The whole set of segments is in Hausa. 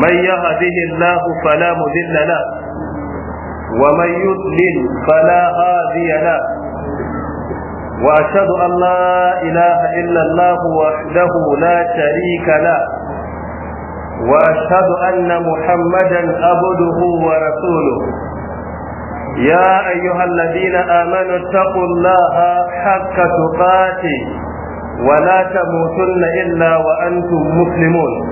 من يهده الله فلا مذل له ومن يضلل فلا هادي له واشهد ان لا اله الا الله وحده لا شريك له واشهد ان محمدا عبده ورسوله يا أيها الذين آمنوا اتقوا الله حق تقاته ولا تموتن إلا وأنتم مسلمون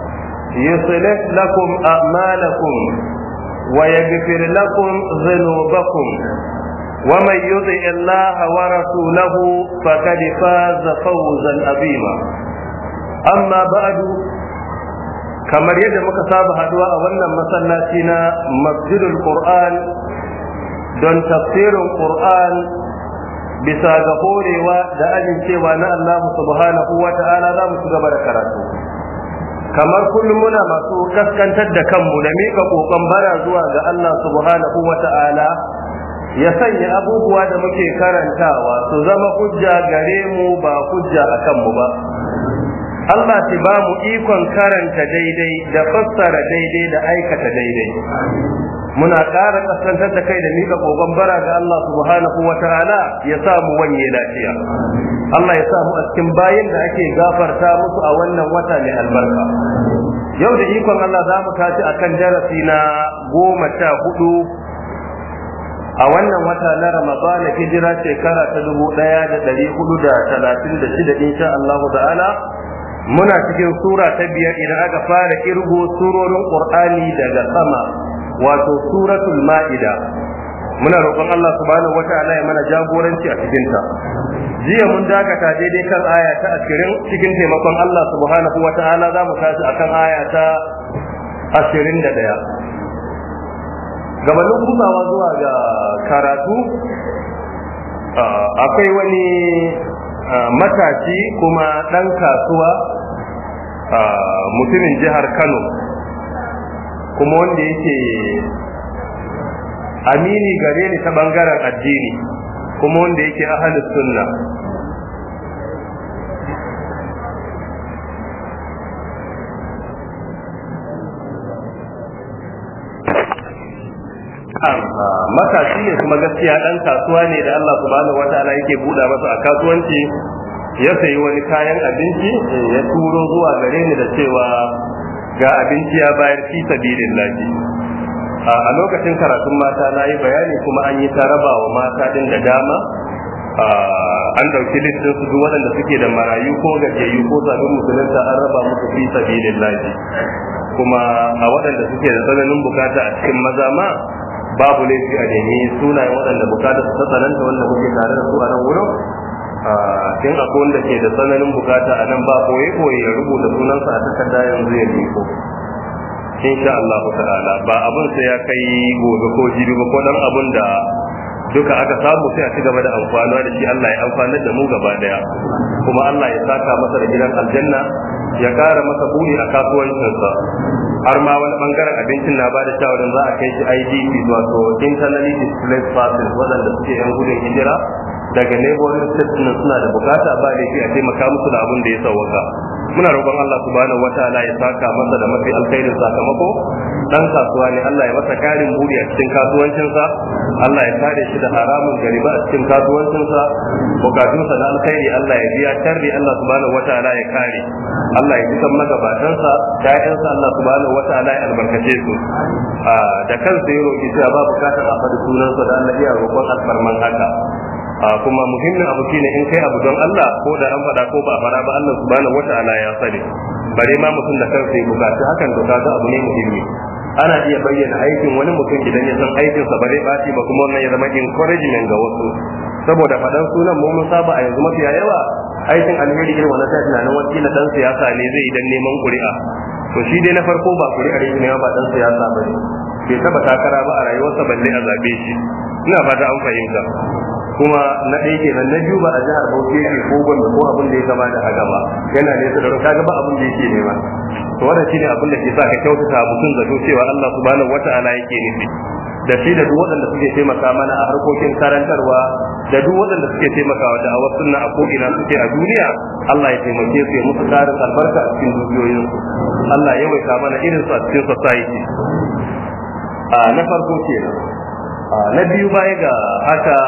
يصلح لكم أعمالكم ويغفر لكم ذنوبكم ومن يطع الله ورسوله فقد فاز فوزا عظيما أما بعد kamar yadda muka saba haɗuwa a wannan masallaci na masjidul don tafsirin qur'an bisa ga horewa da ajin cewa na Allah subhanahu wa ta'ala za mu ci gaba da karatu kamar kullum muna masu kaskantar da kanmu da miƙa ƙoƙon bara zuwa ga Allah subhanahu wa ta'ala ya sanya abubuwa da muke karantawa su zama hujja gare mu ba hujja a kanmu ba Allah ta ba mu ikon karanta daidai da fassara daidai da aikata daidai muna ƙara kasantar da kai da mika kogon bara ga Allah subhanahu wa ta'ala ya sa mu wanye lafiya Allah ya sa mu a cikin bayin da ake gafarta musu a wannan wata mai albarka yau da ikon Allah za mu tashi kan darasi na goma sha hudu a wannan wata na ramadana hijira shekara ta dubu ɗaya da ɗari hudu da talatin da shida insha Allah ta'ala muna cikin sura ta biyar idan aka fara kirgo surorin qur'ani daga sama wato suratul ma'ida muna roƙon Allah subhanahu wata'ala ya mana jagoranci a cikin ta jiya mun dakata daidai kan aya ta 20 cikin taimakon Allah subhanahu wata'ala za mu tashi akan aya ta 21 gabanin gumawa zuwa ga karatu akwai wani matashi kuma ɗan kasuwa mutumin jihar kano kuma wanda yake amini gare ni ta ɓangaren addini kuma wanda yake ahalus sunna matashi ne kuma gaskiya ɗan kasuwa ne da Allah subhanahu wataala yake buɗa masa a kasuwanci ya sayi wani kayan abinci ya turo zuwa gare ni da cewa ga abinci ya bayar fi sabilin laji a lokacin karatun mata na yi bayani kuma an yi taraba wa mata din da dama an ɗauki listin su waɗanda suke da marayu ko gajiyayyu ko sabbin musulunta an raba musu fi sabilin laji kuma a waɗanda suke da tsananin bukata a cikin maza ma babu laifi a dani sunayen waɗanda bukatar su ta tsananta wanda muke tare da su a nan wurin in akwai wanda ke da tsananin bukata a nan ba koye koye ya rubuta sunansa a takarda yanzu ya in sha Allah ta'ala ba abin sai ya kai gobe ko jibi ba ko dan abin da duka aka samu sai a ci gaba da amfana da shi Allah ya amfanar da mu gaba daya kuma Allah ya saka masa da gidan aljanna ya kara masa buri a kasuwancinsa har ma wani bangaren abincin na bada shawarin za a kai shi IDP wato internally displaced persons waɗanda suke yan gudun hijira daga neighboring states suna da bukata ba laifi a taimaka musu da abin da ya sauwaka muna roƙon Allah subhanahu wataala ya saka masa da mafi alkhairin sakamako dan kasuwa ne Allah ya masa karin buri a cikin kasuwancinsa Allah ya kare shi da haramun gariba a cikin kasuwancinsa bukatunsa na alkhairi Allah ya biya sharri Allah subhanahu wataala ya kare Allah ya kusan magabatansa ƴaƴansa Allah subhanahu wataala ya albarkace su ah, da kansa ya roƙi cewa ba bukatar a faɗi sunansa da Allah iya roƙon alfarman haka kuma muhimmin abu shine in kai abu don Allah ko da an faɗa ko ba a fara ba Allah subhanahu wata'ala ya sani bare ma mutum da kansa ya bukaci hakan to kaga abu ne muhimmi ana iya bayyana aikin wani mutum idan ya san aikin sa bare ba ba kuma wannan ya zama encouragement ga wasu saboda faɗan sunan mu mun saba a yanzu mafiya yawa aikin alheri irin wannan sai tunanin wani na dan siyasa ne zai dan neman kuri'a to shi dai na farko ba kuri'a ne ba dan siyasa ba ne bai taba takara ba a rayuwarsa balle a zabe shi ina fata an fahimta kuma na ɗaya kenan na biyu ba a jihar Bauchi yake ko Gombe ko abin da ya kama da haka ba yana nesa da ka ga ba abin da yake nema to wannan shine abin da ke sa ka kyautata mutum zato cewa Allah subhanahu wata'ala yake nufi da shi da duk waɗanda suke taimaka mana a harkokin karantarwa da duk waɗanda suke taimakawa da awar sunna a ko'ina suke a duniya Allah ya taimake su ya musu tarin albarka a cikin dukiyoyin Allah ya waita mana irin su a cikin society a na farko ke na biyu baya ga haka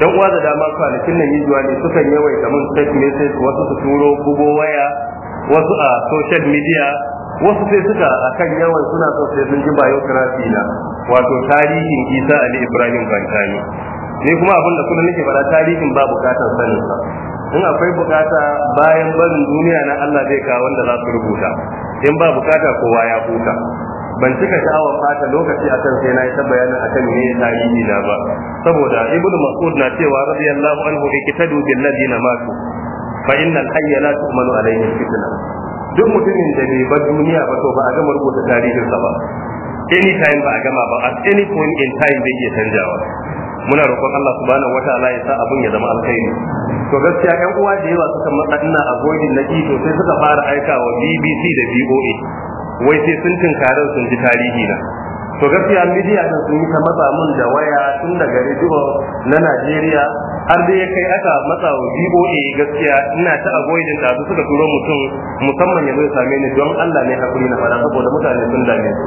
dan uwa da dama kwanakin nan yiwuwa ne sukan yawaita mun take message wasu su turo bugo waya wasu a social media wasu sai suka akan yawan suna so sai sun ji biography na wato tarihin Isa Ali Ibrahim Bantani ni kuma abin da kuma nake fara tarihin ba bukatar sanin sa in akwai bukata bayan barin duniya na Allah zai kawo wanda za su rubuta in ba bukata kowa ya huta ban cika sha'awar fata lokaci akan sai na yi ta bayanin kan me ya yi na ba saboda ibnu mas'ud na cewa radiyallahu anhu ikitadu bil ladina matu fa innal hayya la tu'manu alayhi fitna duk mutumin da bai bar duniya ba to ba a gama rubuta tarihinsa ba any time ba a gama ba at any point in time bai iya canjawa muna roƙon Allah subhanahu wataala ya sa abun ya zama alkhairi to gaskiya 'yan uwa da yawa suka matsa ina a gojin na ito sai suka fara aika wa BBC da BOA wai sai sun tunkarar sun ji tarihi na to gaskiya midiya da sun yi ta matsa mun da waya tun daga rediyo na Najeriya har dai kai aka matsa wa BOA gaskiya ina ta avoidin da su suka turo mutum musamman ya zo same ni don Allah ne hakuri na fara saboda mutane sun dame su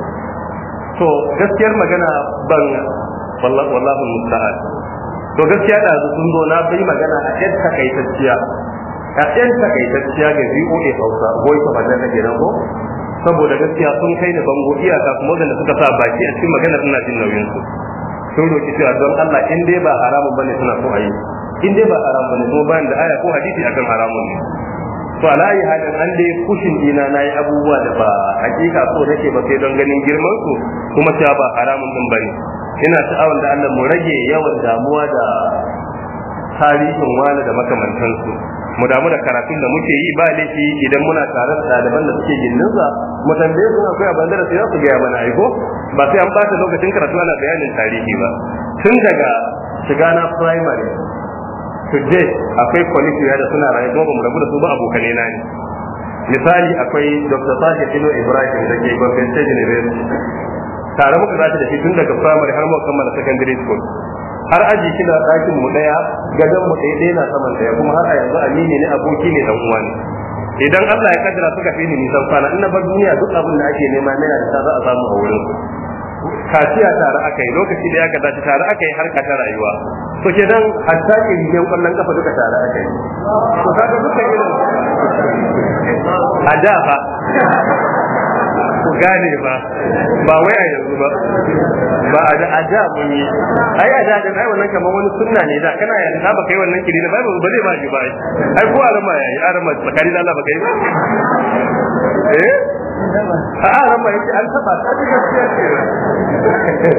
to gaskiyar magana ban wallahi musta'an to gaskiya da sun zo na bai magana a yan takaitacciya a yan takaitacciya ga BOA Hausa voice of America kenan ko saboda gaskiya sun kai da bango iyaka kuma wadanda suka sa baki a cikin magana suna jin nauyin su sun roki cewa don Allah in dai ba haramun bane suna so ayi. in dai ba haramun bane kuma bayan da aya ko hadisi akan haramun ne to ala yi hadin an dai kushin dina nayi abubuwa da ba hakika so nake ba sai don ganin girman su kuma cewa ba haramun din bane ina sha'awar da Allah mu rage yawan damuwa da tarihin wani da makamantansu mu damu da karatun da muke yi ba laifi idan muna tare da ɗaliban da suke gindinsa mu tambaye su akwai abin da su su gaya mana aiko ba sai an bata lokacin karatu ana bayanin tarihi ba tun daga shiga na primary today akwai kwalifi da suna rayu kuma ba mu rabu da su ba abokane na ne misali akwai dr sashi kino ibrahim da ke gwamnatin university tare muka zata da shi tun daga primary har mu kammala secondary school har aji kina ɗakin mu ɗaya gadon mu ɗaya na saman ɗaya kuma har a yanzu amini ne aboki ne dan uwa ne idan Allah ya kaddara suka fi ni nisan kwana ina bar duniya duk abin da ake nema na da za a samu a wurin kaciya tare aka yi lokaci da ya dace tare aka yi harka ta rayuwa to ke dan hatta ke yin kwallon kafa duka tare aka yi to ga duka irin a da fa ku gane ba ba wai a yanzu ba ba a da ada mun yi ai a da ai wannan kamar wani sunna ne da kana yanzu na baka yi wannan kiri da bai ba zai ba ji ba ai ko arama yayi arama tsakani da Allah baka yi eh a arama yake an taba ta ji gaskiya ce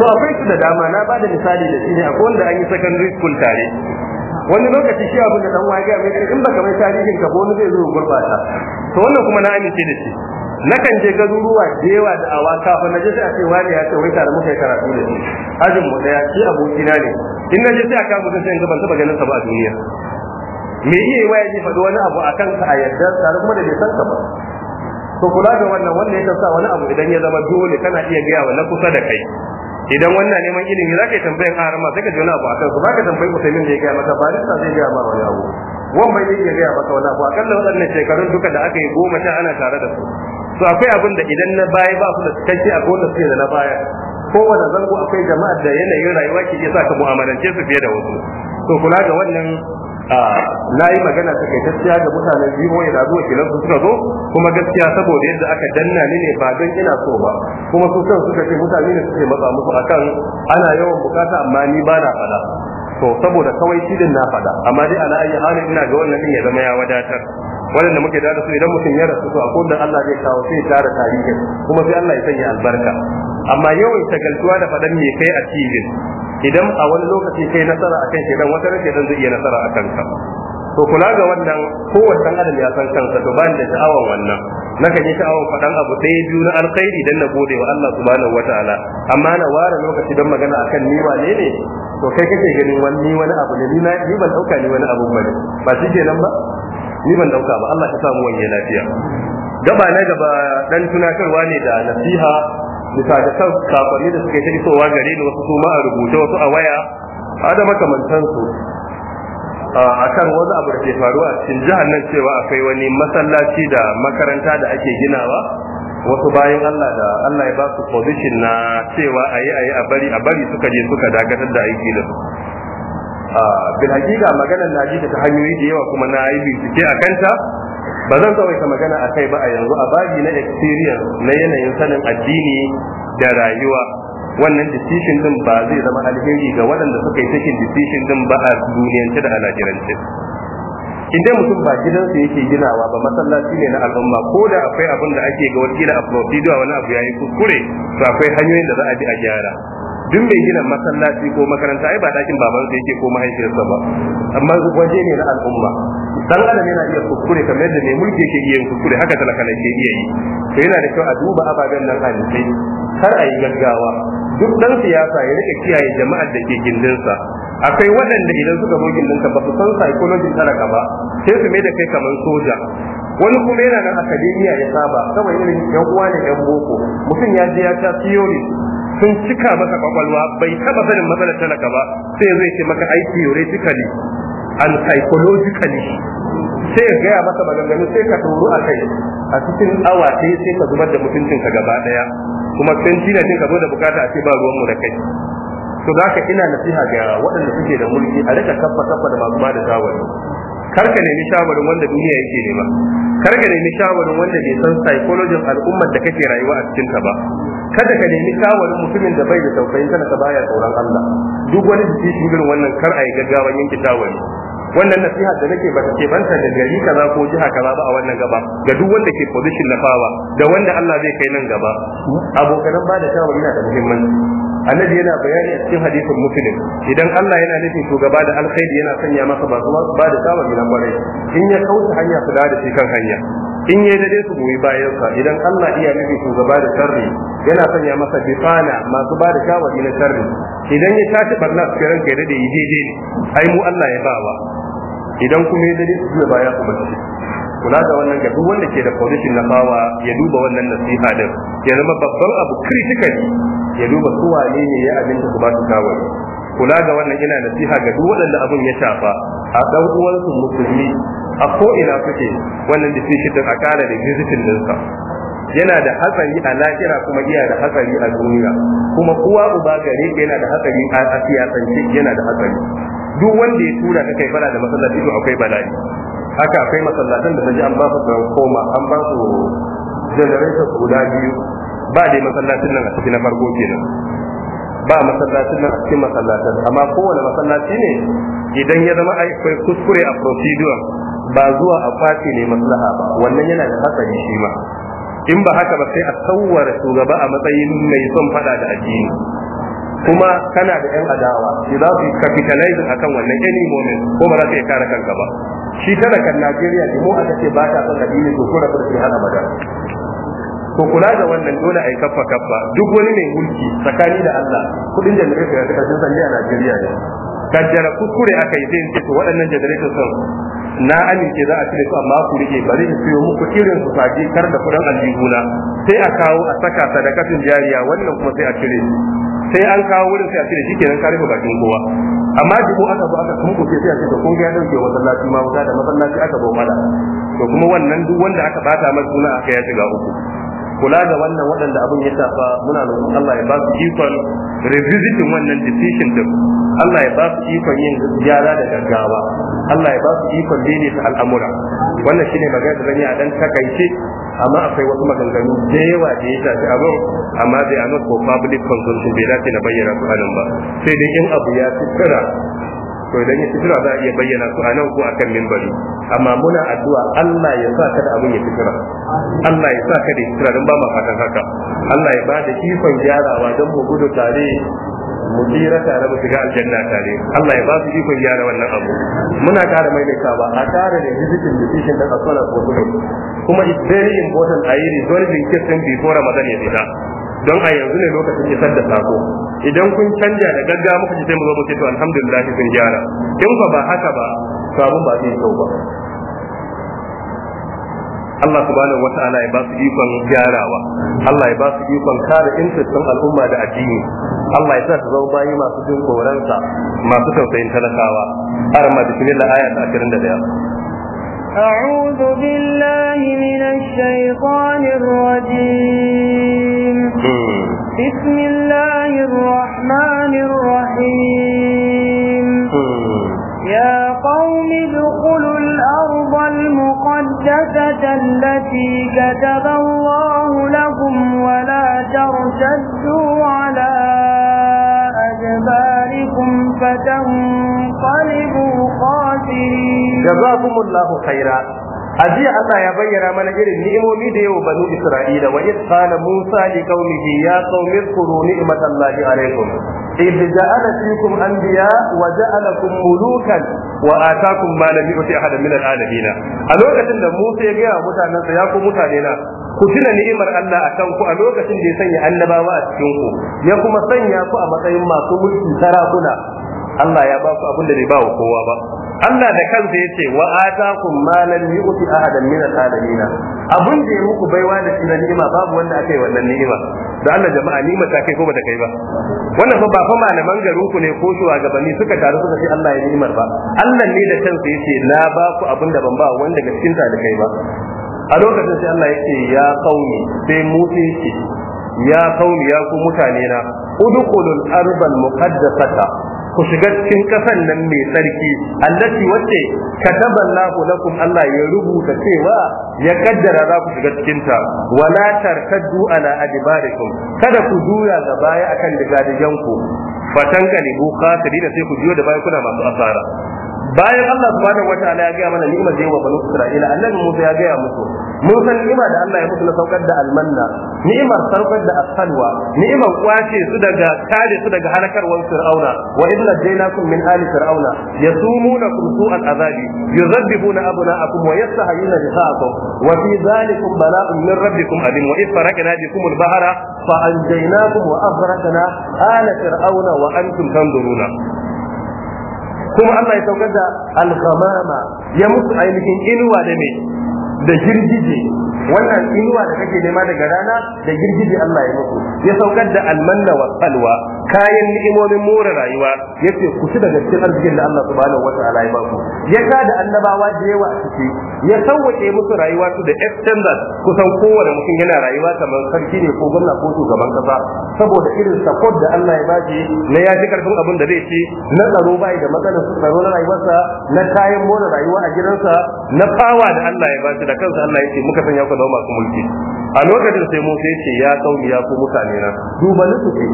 to akwai su da dama na bada misali da shi ne akwai wanda an yi secondary school tare wani lokaci shi abin da dan waje mai in baka mai tarihin ka ko wani zai zo gurbata to wannan kuma na amince da shi nakan je garuruwa da yawa da awa kafin na je sai a ce wani ya ce wai tare muka yi karatu da shi ajin mu daya shi abokina ne in na je sai a kama sai in ban taba ganin sa ba a duniya me iya waya ji faɗi wani abu a sa a yadda tare kuma da bai san ka ba to kula da wannan wanda ya sa wani abu idan ya zama dole kana iya gaya wa na kusa da kai idan wannan neman ilimi za ka yi tambayin harama sai ka ji wani abu a kansu ba ka tambayi sai da ya gaya maka ba sa zai gaya ma wani abu Wannan bai iya gaya maka wani abu akalla waɗannan shekarun duka da aka yi goma sha ana tare da su to akwai abin da idan na baya ba su da cikakke akwai wanda suke da na baya kowane zango akwai jama'a da yanayin rayuwa ke iya sa ka mu'amalance su fiye da wasu to kula ga wannan na yi magana ta kai gaskiya ga mutanen biyu ko da zuwa kilan su suka zo kuma gaskiya saboda yadda aka danna ni ne ba don ina so ba kuma su kan suka ce mutane ne suke matsa musu akan ana yawan bukata amma ni ba na faɗa to saboda kawai shi din na faɗa amma dai ala ayyi halin ina ga wannan din ya zama ya wadatar waɗanda muke da su idan mutum ya rasu to a da Allah zai kawo sai tara tarihin kuma sai Allah ya sanya albarka amma yawan shagaltuwa da faɗan me kai a cikin idan a wani lokaci kai nasara akan shi dan wata rake dan zai iya nasara akan ka to kula ga wannan kowace dan adam ya san kansa to bani da sha'awar wannan Na nakan yi sha'awan faɗan abu ɗaya biyu na alkhairi dan na gode wa Allah subhanahu wataala amma na ware lokaci don magana akan ni wane ne to kai kake ganin wani wani abu ne ni ban dauka ni wani abu bane ba shi kenan ba ni ban dauka ba Allah sa samu wani lafiya gaba na gaba dan tunatarwa ne da nasiha bisa da kan da suke ta isowa gare ni wasu kuma a rubuce wasu a waya ada makamantan su a kan wani abu da ke faruwa a cikin jihar nan cewa akwai wani masallaci da makaranta da ake ginawa wasu bayan Allah da Allah ya ba su position na cewa ayi ayi a bari a bari suka je suka dagatar da aiki da su bil hakika maganar na ji ta hanyoyi da yawa kuma na yi bincike a kanta ba zan tsawaita magana a kai ba a yanzu a babi na experience na yanayin sanin addini da rayuwa wannan decision din ba zai zama alheri ga waɗanda suka yi taking decision din ba a duniyance da alajirance in mutum ba gidansa yake ginawa ba masallaci ne na al'umma ko da akwai abin da ake ga wakila a wani abu yayi kuskure to akwai hanyoyin da za a bi a gyara duk mai gina masallaci ko makaranta ai ba dakin baban sa yake ko mahaifiyarsa ba amma waje ne na al'umma dan adam yana iya kuskure kamar yadda mai mulki yake iya kuskure haka talaka ne ke iya yi to yana da kyau a duba ababen nan hadisi Har a yi gaggawa duk dan siyasa ya rike kiyaye jama'ar da ke gindinsa akwai waɗanda idan suka zo gindinka ba su san psychology talaka ba sai su mai da kai kamar soja wani kuma yana nan akademiya ya saba kawai irin yan uwa ne yan boko mutum ya je ya ta theory sun cika masa kwakwalwa bai taba sanin matsalar talaka ba sai zai ce maka ai theoretically and psychologically sai ya gaya masa maganganu sai ka turu a kai a cikin awa sai sai ka zubar da ka gaba ɗaya kuma sun jina ka zo da bukata a ce ba ruwanmu da kai to za ka ina nasiha ga waɗanda suke da mulki a rika kafa kafa da masu bada shawari kar ka nemi shawarin wanda duniya yake nema kar ka nemi shawarin wanda bai san psychology al'ummar da kake rayuwa a cikin ta ba kada ka nemi kawarin mutumin da bai da tausayin ka baya tsoron Allah duk wani da ke irin wannan kar a yi gaggawan yanke shawari wannan nasiha da nake ba ta ke banta da gari kaza ko jiha kaza ba a wannan gaba ga duk wanda ke position na fawa da wanda Allah zai kai nan gaba abokanan ba da shawari na da muhimmanci annabi yana bayani a cikin hadisin muslim idan Allah yana nufin shugaba da alkhairi yana sanya masa ba su ba da samun gidan kwarai in ya kauce hanya su da shi kan hanya in yayi dade su goyi bayan sa idan Allah iya nufin shugaba da sharri yana sanya masa bifana masu ba da shawar na sharri idan ya tashi barna su kiran kai dade je daidai ai mu Allah ya bawa idan kuma ya dade su goyi baya su bace kula da wannan ga duk wanda ke da position na bawa ya duba wannan nasiha din ya zama babban abu critically ya duba su wane ne ya abinci su ba su kawai kula ga wannan ina nasiha ga duk waɗanda abin ya shafa a ɗan uwansu musulmi a ko ina suke wannan da din a ƙara da visiting ɗinsa yana da hatsari a lahira kuma iya da hatsari a duniya kuma kuwa uba gare yana da hatsari a siyasance yana da hatsari duk wanda ya tura ka kai bala da masallaci to akwai bala'i haka akwai masallatan da ta ji an ba su koma an ba su generator guda biyu ba dai masallacin nan a cikin na farko kenan ba masallacin nan a cikin masallacin amma kowane masallaci ne idan ya zama akwai kuskure a procedure ba zuwa a kwace ne maslaha ba wannan yana da hatsari shi ma in ba haka ba sai a tsawara shugaba a matsayin mai son fada da addini kuma kana da yan adawa shi za su capitalize akan wannan any moment ko ba za su iya kare kanka ba shi talakan Najeriya ne mu aka ce ba ta son addini to ko da shi hana magana ko kula da wannan dole ai kaffa kaffa duk wani mai mulki tsakani da Allah kudin nake ya kasance san a Najeriya ne kaddara kuskure aka yi zai ce to waɗannan generator sun na amince za a cire su amma ku rike bari in siyo muku irin su saje kar da kudin aljihuna sai a kawo a saka sadakatin jariya wannan kuma sai a cire sai an kawo wurin sai a cire shi kenan kare bakin kowa amma ko aka zo aka kuma sai a cire kun ga ya dauke masallaci ma wuta da masallaci aka zo mala to kuma wannan duk wanda aka bata masa suna aka ya shiga uku kula da wannan waɗanda abin ya shafa muna roƙon Allah ya ba su ikon revisiting wannan decision din Allah ya ba su ikon yin gyara da gaggawa Allah ya ba su ikon su al'amura wannan shine magana da zan a dan takaice amma akwai wasu maganganu da yawa da ya shafi abin amma da ya ko public consumption bai dace na bayyana su ba sai dai in abu ya fi to idan ya fitura za a iya bayyana su a nan ko a kan mimbari amma muna addu'a Allah ya sa ka da abin ya fitura Allah ya sa ka da fitura don ba mu fatan haka Allah ya ba da ikon gyarawa don mu gudu tare mu tsira tare mu shiga aljanna tare Allah ya ba su ikon gyara wannan abu muna ƙara ba a tare da visiting decision da asala ko kuma it's very important a yi resolving case before Ramadan ya fita don a yanzu ne lokacin isar da sako idan kun canja da gaggawa muka ji sai mu zo mu ce to alhamdulillah kun gyara in fa ba haka ba sabon ba zai kyau ba Allah subhanahu wata'ala ya ba su ikon gyarawa Allah ya ba su ikon kare intistin al'umma da addini Allah ya sa su zama bayi masu jin tsoronsa masu tausayin talakawa har ma bismillah ayat 21 أعوذ بالله من الشيطان الرجيم بسم الله الرحمن الرحيم يا قوم ادخلوا الأرض المقدسة التي كتب الله لكم ولا ترتدوا على أدباركم فتنقلبوا jazakumullahu khaira a jiya Allah ya bayyana mana irin ni'imomi da yawa banu Isra'ila wa idh qala Musa li qaumihi ya qaumi zkuru ni'matallahi alaykum idh ja'ala fikum anbiya wa ja'alakum mulukan wa atakum ma lam yu'ti ahadan min al'alamin a lokacin da Musa ya ga mutanen sa ya ku mutane na ku tuna ni'imar Allah akan ku a lokacin da ya sanya annabawa a cikin ku ya kuma sanya ku a matsayin masu mulki sarakuna Allah ya ba ku abin da bai ba kowa ba Allah da kansa ya ce wa atakum ma lam yu'ti ahadan min al-alamin abun da ya muku baiwa da shi na ni'ima babu wanda aka yi wannan ni'ima da Allah jama'a ni'ima ta kai ko ba kai ba wannan fa ba fa malaman garin ku ne ko gabani, suka taru suka ce Allah ya ni'imar ba Allah ne da kansa ya ce na ba ku abun da ban ba wanda ga ta da kai ba a lokacin sai Allah ya ya kauni sai mu ce ya kauni ya ku mutane na udkhulul arbal muqaddasata ku shiga cikin kasan nan mai tsarki allati wacce kataballahu lakum Allah ya rubuta cewa ya kaddara za ku shiga cikin ta wala tarkaddu ala adbarikum kada ku juya ga baya akan digadiyanku ku fatan kalibu khasiri da sai ku juya da baya kuna masu asara bayan Allah subhanahu wataala ya gaya mana ni'imar da yawa banu Isra'ila annabi Musa ya gaya musu mun san ni'ima da Allah ya musu na saukar da almanna ni'imar saukar da asalwa ni'imar kwace su daga kare su daga halakarwar fir'auna wa idh najaynakum min ali fir'auna yasumunakum su'al azabi yuzabbihu أبناءكم ويستحيون نساءكم وفي ذلكم بلاء من ربكم أبين وإذ فرقنا بكم البحر فأنجيناكم وأغرقنا آل فرعون وأنتم تنظرون kuma Allah ya saukar da alhamama ya musu ainihin inuwa da ne da girgije wannan inuwa da kake nema daga rana da girgije Allah ya muku ya saukar da almanna wa salwa kayan ni'imomin more rayuwa yace ku ci daga cikin arzikin da Allah subhanahu ta'ala ya baku ya ka da annabawa da yawa a ciki ya sauke musu rayuwa su da extended kusan kowane mutum yana rayuwa kamar sarki ne ko gwamna ko shugaban kasa saboda irin support da Allah ya baki na ya ji karfin abin da zai ci na tsaro bai da matsalar tsaro na rayuwarsa na kayan more rayuwa a gidansa na fawa da Allah ya baki da kansa Allah ya ce muka sanya ku zama masu mulki a lokacin sai Musa ya ce ya kauni ya ku mutane na duba nufi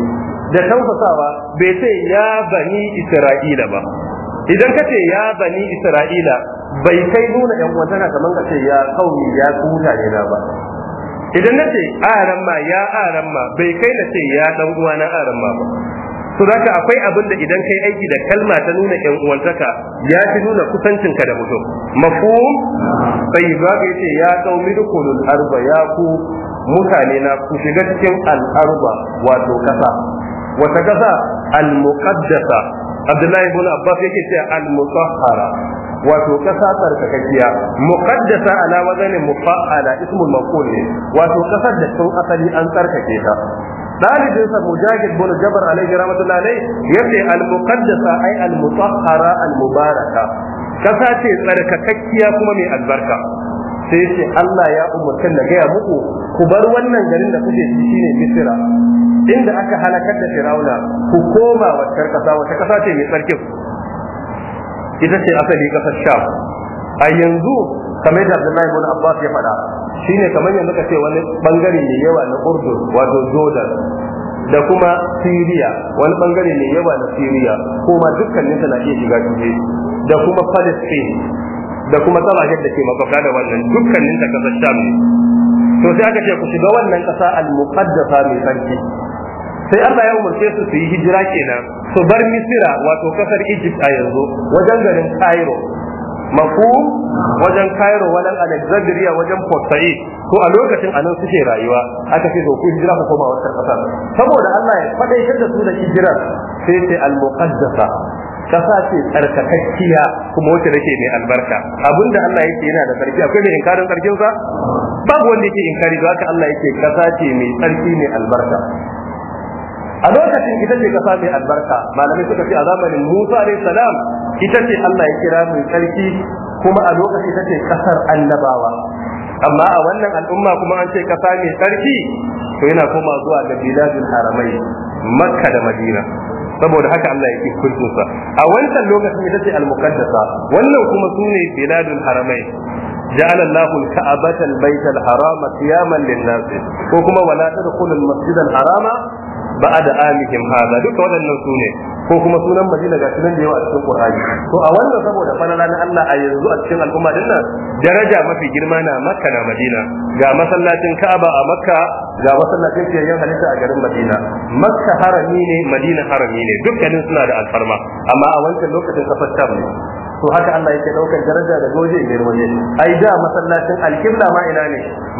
da tausasawa bai ce ya bani Isra'ila ba idan ka ce ya bani Isra'ila bai kai nuna yan uwantaka kamar ka ce ya kauni ya ku mutane na ba idan na ce aran ya aran bai kai na ce ya dan uwa na aran ba to haka akwai abin da idan kai aiki da kalma ta nuna yan uwantaka ya fi nuna kusancinka da mutum mafhum sai ba ga yace ya qaumi dukulul arba ya ku mutane na ku shiga cikin al-arba wato kasa wata kasa al-muqaddasa Abdullahi ibn Abbas yake cewa al-mutahhara wato kasa tsarkakakkiya muqaddasa ala wazani mufa'ala ismul maqul ne wato kasar da tun asali an tsarkake ta dalibin sa mujahid bin jabar alaihi rahmatullahi alaihi yace al muqaddasa ay al mutahhara al mubaraka kasa ce tsarkakakkiya kuma mai albarka sai ce Allah ya umarta na gaya muku ku bar wannan garin da kuke ci shine Misira inda aka halakar da Firauna ku koma wata kasa wata kasa ce mai tsarkin ita ce asali kasar Sham a yanzu kamar da Abdullahi ibn Abbas ya faɗa shine kamar yanzu ka ce wani bangare mai yawa na Urdun wato Jordan da kuma Syria wani bangare mai yawa na Syria ko ma dukkanin na iya shiga cikin da kuma Palestine da kuma kasashen da ke makwabta da wannan dukkanin da kasar Sham to sai aka ce ku shiga wannan kasa al-muqaddasa mai sarki sai Allah ya umarce su su yi hijira kenan su bar Misira wato kasar Egypt a yanzu wajen garin Cairo mafu wajen Cairo wajen Alexandria wajen Port Said ko a lokacin anan suke rayuwa aka ce to ku hijira ku koma wata kasa saboda Allah ya shi da su da hijira sai sai al-muqaddasa kasa ce tsarkakakkiya kuma wacce take mai albarka abinda Allah yake yana da sarki akwai mai inkarin sarkin sa babu wanda yake inkari da haka Allah yake kasa ce mai tsarki mai albarka a lokacin ita ce kasa mai albarka malamai suka ce a zamanin Musa alayhi salam ita ce Allah ya kira mai tsarki kuma a lokaci ita ce kasar annabawa amma a wannan al'umma kuma an ce kasa mai tsarki to yana kuma zuwa ga biladul haramai makka da madina saboda haka Allah ya ki kurkusa. a wancan lokacin ita ce al-muqaddasa wannan kuma sune biladul haramai جعل الله الكعبة البيت الحرام قياما للناس وكما ولا تدخل المسجد الحرام ba'ada amihim hada duka waɗannan su ne ko kuma sunan madina ga sunan da yawa a cikin qur'ani to a wannan saboda falala na Allah a yanzu a cikin al'umma din nan daraja mafi girma na makka na madina ga masallacin ka'aba a makka ga masallacin kiyayen halitta a garin madina makka harami ne madina harami ne dukkanin suna da alfarma amma a wancan lokacin kafar ne to haka Allah yake daukar daraja da goje ne waje ai da masallacin alkibla ma ina ne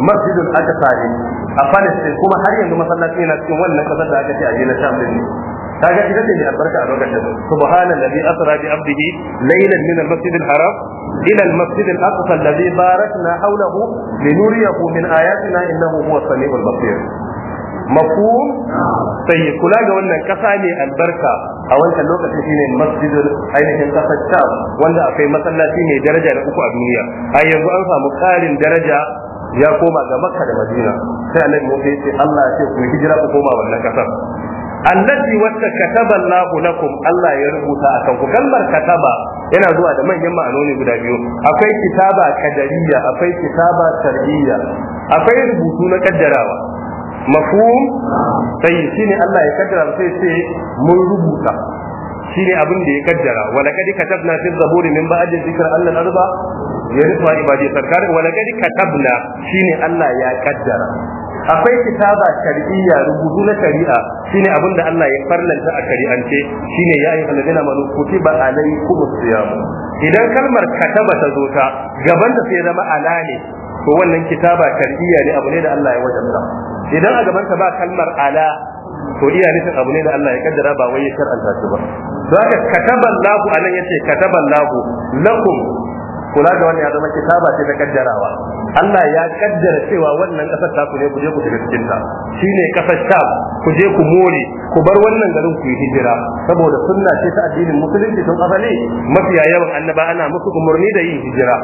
masjidul aqsa ne a Palestine kuma har yanzu masallacin yana cikin wannan kasar da aka ce a je na Sham din kaga ita ce mai albarka a lokacin subhanallazi asra bi abdihi laylan min al-masjid al-haram ila al aqsa alladhi barakna hawlahu linuriyahu min ayatina innahu huwa as-sami'ul basir mafu sai kula ga wannan kasa ne albarka a wancan lokacin shine masjidul ainihin kasar sham wanda akwai masallaci mai daraja da uku a duniya a yanzu an samu karin daraja ya koma ga makka da madina sai annabi ya ce allah ya ce ku hijira ku koma wannan kasar allati wacce kataba Allah lakum Allah ya rubuta akan ku kalmar kataba yana zuwa da manyan ma'anoni guda biyu akwai kitaba kadariya akwai kitaba tarbiyya akwai rubutu na kaddarawa mafhum sai shine Allah ya kaddara sai ce mun rubuta shine abin da ya kaddara wa laqad katabna fi zaburi min ba'di dhikra anna al-arba rufa ibadi sarkar wa laqad katabna shine Allah ya kaddara akwai kitaba shar'iyya rubutu na shari'a shine abin da Allah ya farlanta a shari'ance shine ya yi ladina amanu kutiba alaykumus siyam idan kalmar kataba ta zo ta gaban ta sai zama ala ne to wannan kitaba shar'iyya ne abu ne da Allah ya wajabta idan a gaban ka ba kalmar ala to iya nufin abu ne da Allah ya kaddara ba wai ya shar'anta shi ba don haka kataban lahu anan yace kataban lahu lakum kula da wannan ya zama kitaba ce ta kaddarawa Allah ya kaddara cewa wannan kasar ta ku ne ku je ku shiga cikin ta shine kasar ta ku je ku more ku bar wannan garin ku yi hijira saboda sunna ce ta addinin musulunci tun asali mafiya yawan annaba ana musu umarni da yin hijira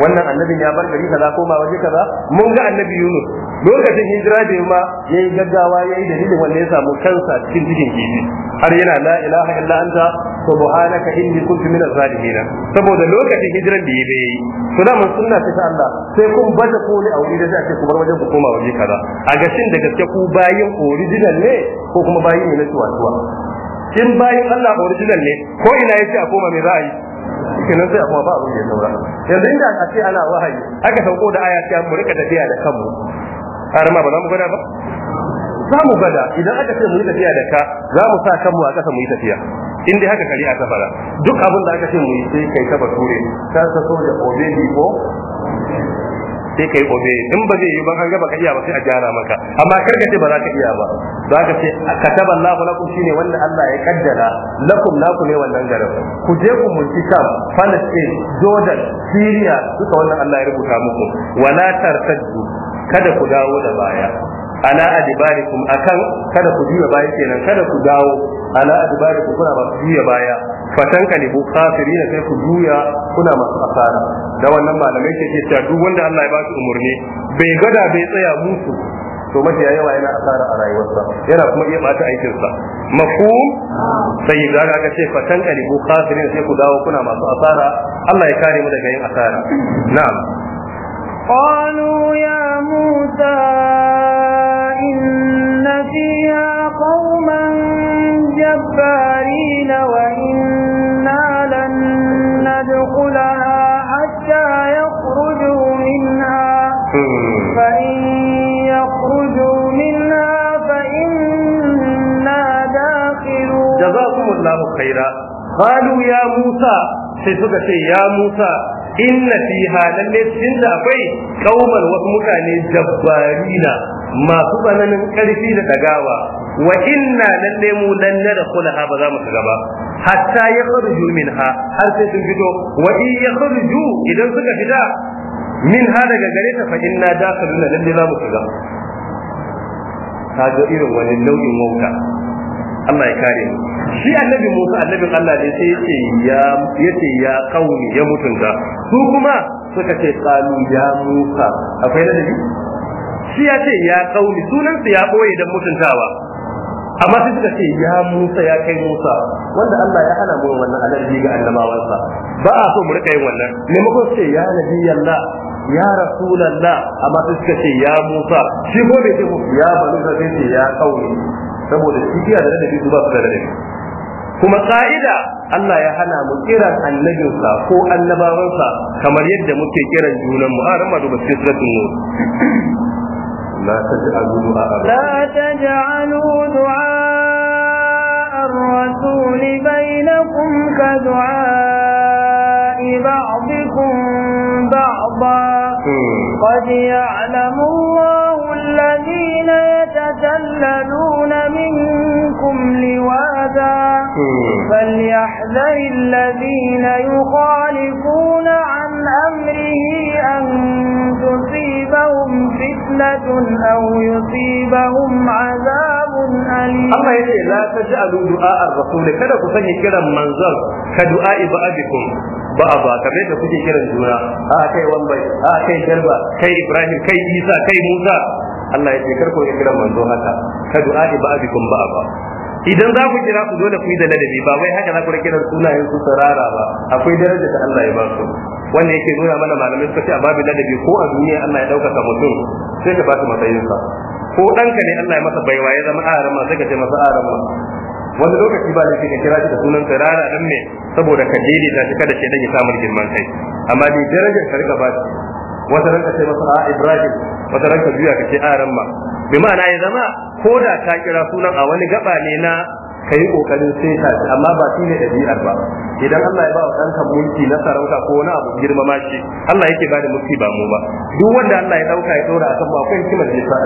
wannan annabin ya bar gari kaza koma waje kaza mun ga annabi Yunus lokacin hijira da ma yayi gaggawa yayi dalilin wanda ya samu kansa cikin jikin kifi har yana la ilaha illa anta subhanaka inni kuntu min zalimin saboda lokacin hijiran da ya yayi to da mun sunna ta Allah sai kun bada koli a wuri da ake ku bar waje ku koma waje kaza a gashin da gaske ku bayin original ne ko kuma bayin ne na tuwa in bayin Allah original ne ko ina yace a koma me za a yi kenan sai amma ba abin da ya saura yanzu inda a ce ana wahayi aka sauko da aya ta mu rika tafiya da kanmu har ma ba za mu gwada ba za mu gwada idan aka ce mu yi tafiya da ka za mu sa kanmu a ƙasa mu yi tafiya in dai haka kariya ta fara duk abin da aka ce mu yi sai kai ta bature ta sa so da obedi ko sai kai obe in ba zai yi ba ba baka iya ba sai a gyara maka amma kar ka ce ba za ka iya ba za ka ce kataba Allahu lakum shine wanda Allah ya kaddara lakum naku ne wannan garin ku je ku mulki kan Palestine Jordan Syria duka wannan Allah ya rubuta muku wala tartaddu kada ku dawo da baya ana adibarikum akan kada ku jiya baya kenan kada ku dawo ala adbari ku kuna masu juya baya fatan kafiri da sai ku juya kuna masu asara da wannan malamai ke cewa duk wanda Allah ya ba shi umurni bai gada bai tsaya musu to mafi yawa yana asara a rayuwarsa yana kuma iya bata aikinsa Mafu, sai da aka ce fatan kalibu kafiri sai ku dawo kuna masu asara Allah ya kare mu daga yin asara na'am qalu ya musa كفارين وإنا لن ندخلها حتى يخرجوا منها فإن يخرجوا منها فإنا داخلون جزاكم الله خيرا قالوا يا موسى سيسوك يا موسى inna fiha lalle cikin da akwai kauman wasu mutane jabbarina masu tsananin karfi da dagawa wa inna lalle mu lan da ba za mu shiga ba hatta min minha har sai sun fito wa in yakhruju idan suka fita min ha daga gare ta fa inna dakhiluna lalle za mu shiga kaga irin wani nau'in wauta Allah ya kare shi annabi Musa annabi Allah ne sai yace ya yace ya kauni ya mutunta su kuma suka ce kalu ya Musa akwai ladabi shi ya ce ya kauni sunansa ya boye dan mutuntawa amma sai suka ce ya Musa ya kai Musa wanda Allah ya hana mu wannan alaji ga annabawansa ba a so mu rika yin wannan maimakon su ce ya nabiyallah ya Rasulullah amma sai suka ce ya Musa shi ko bai ce ya bani sai ce ya kauri saboda shi ya da Nabi ba su da kuma ka'ida Allah ya hana mu kiran annabinsa ko annabawansa kamar yadda muke kiran junan mu har ma duba suratul nur لا تجعلوا دعاء الرسول بينكم كدعاء بعضكم بعضا قد يعلم الله الذين يتسللون منكم لوادا فليحذر الذين يخالفون عن أمره أن تصيبهم غفلة أو يصيبهم عذاب أليم أما يقول لا kada ku sanya kiran كفني ka منزل كدعاء ba, ba'aba kamar da kuke kiran juna a kai wambai a kai Jalba, kai ibrahim kai isa kai musa Allah ya ce kar ku kiran manzo haka ka du'a ba ba, idan za ku kira ku dole ku yi da ladabi ba wai haka za ku kiran sunayen su sarara ba akwai daraja da Allah ya ba su wannan yake nuna mana malamai suka ce a babu ladabi ko a duniya Allah ya ɗaukaka mutum sai ka basu matsayin matsayinsa ko ɗanka ne Allah ya masa baiwa ya zama ma sai ka ce masa ma wanda lokaci ba laifi ka kira shi da sunan rara dan me saboda ka ta shi kada dan ya samu girman kai amma ni darajar ka rika ba shi wata ka ce masa a Ibrahim wata ka biya ka ce aran ma bi ma'ana ya zama ko da ka kira sunan a wani gaba ne na ka yi kokarin sai ta amma ba shi ne ɗabi'ar ba idan Allah ya ba wa ɗanka mulki na sarauta ko wani abu girmama shi Allah yake ba da mulki ba mu ba duk wanda Allah ya ɗauka ya ɗora akan ba kai hikimar da ya sa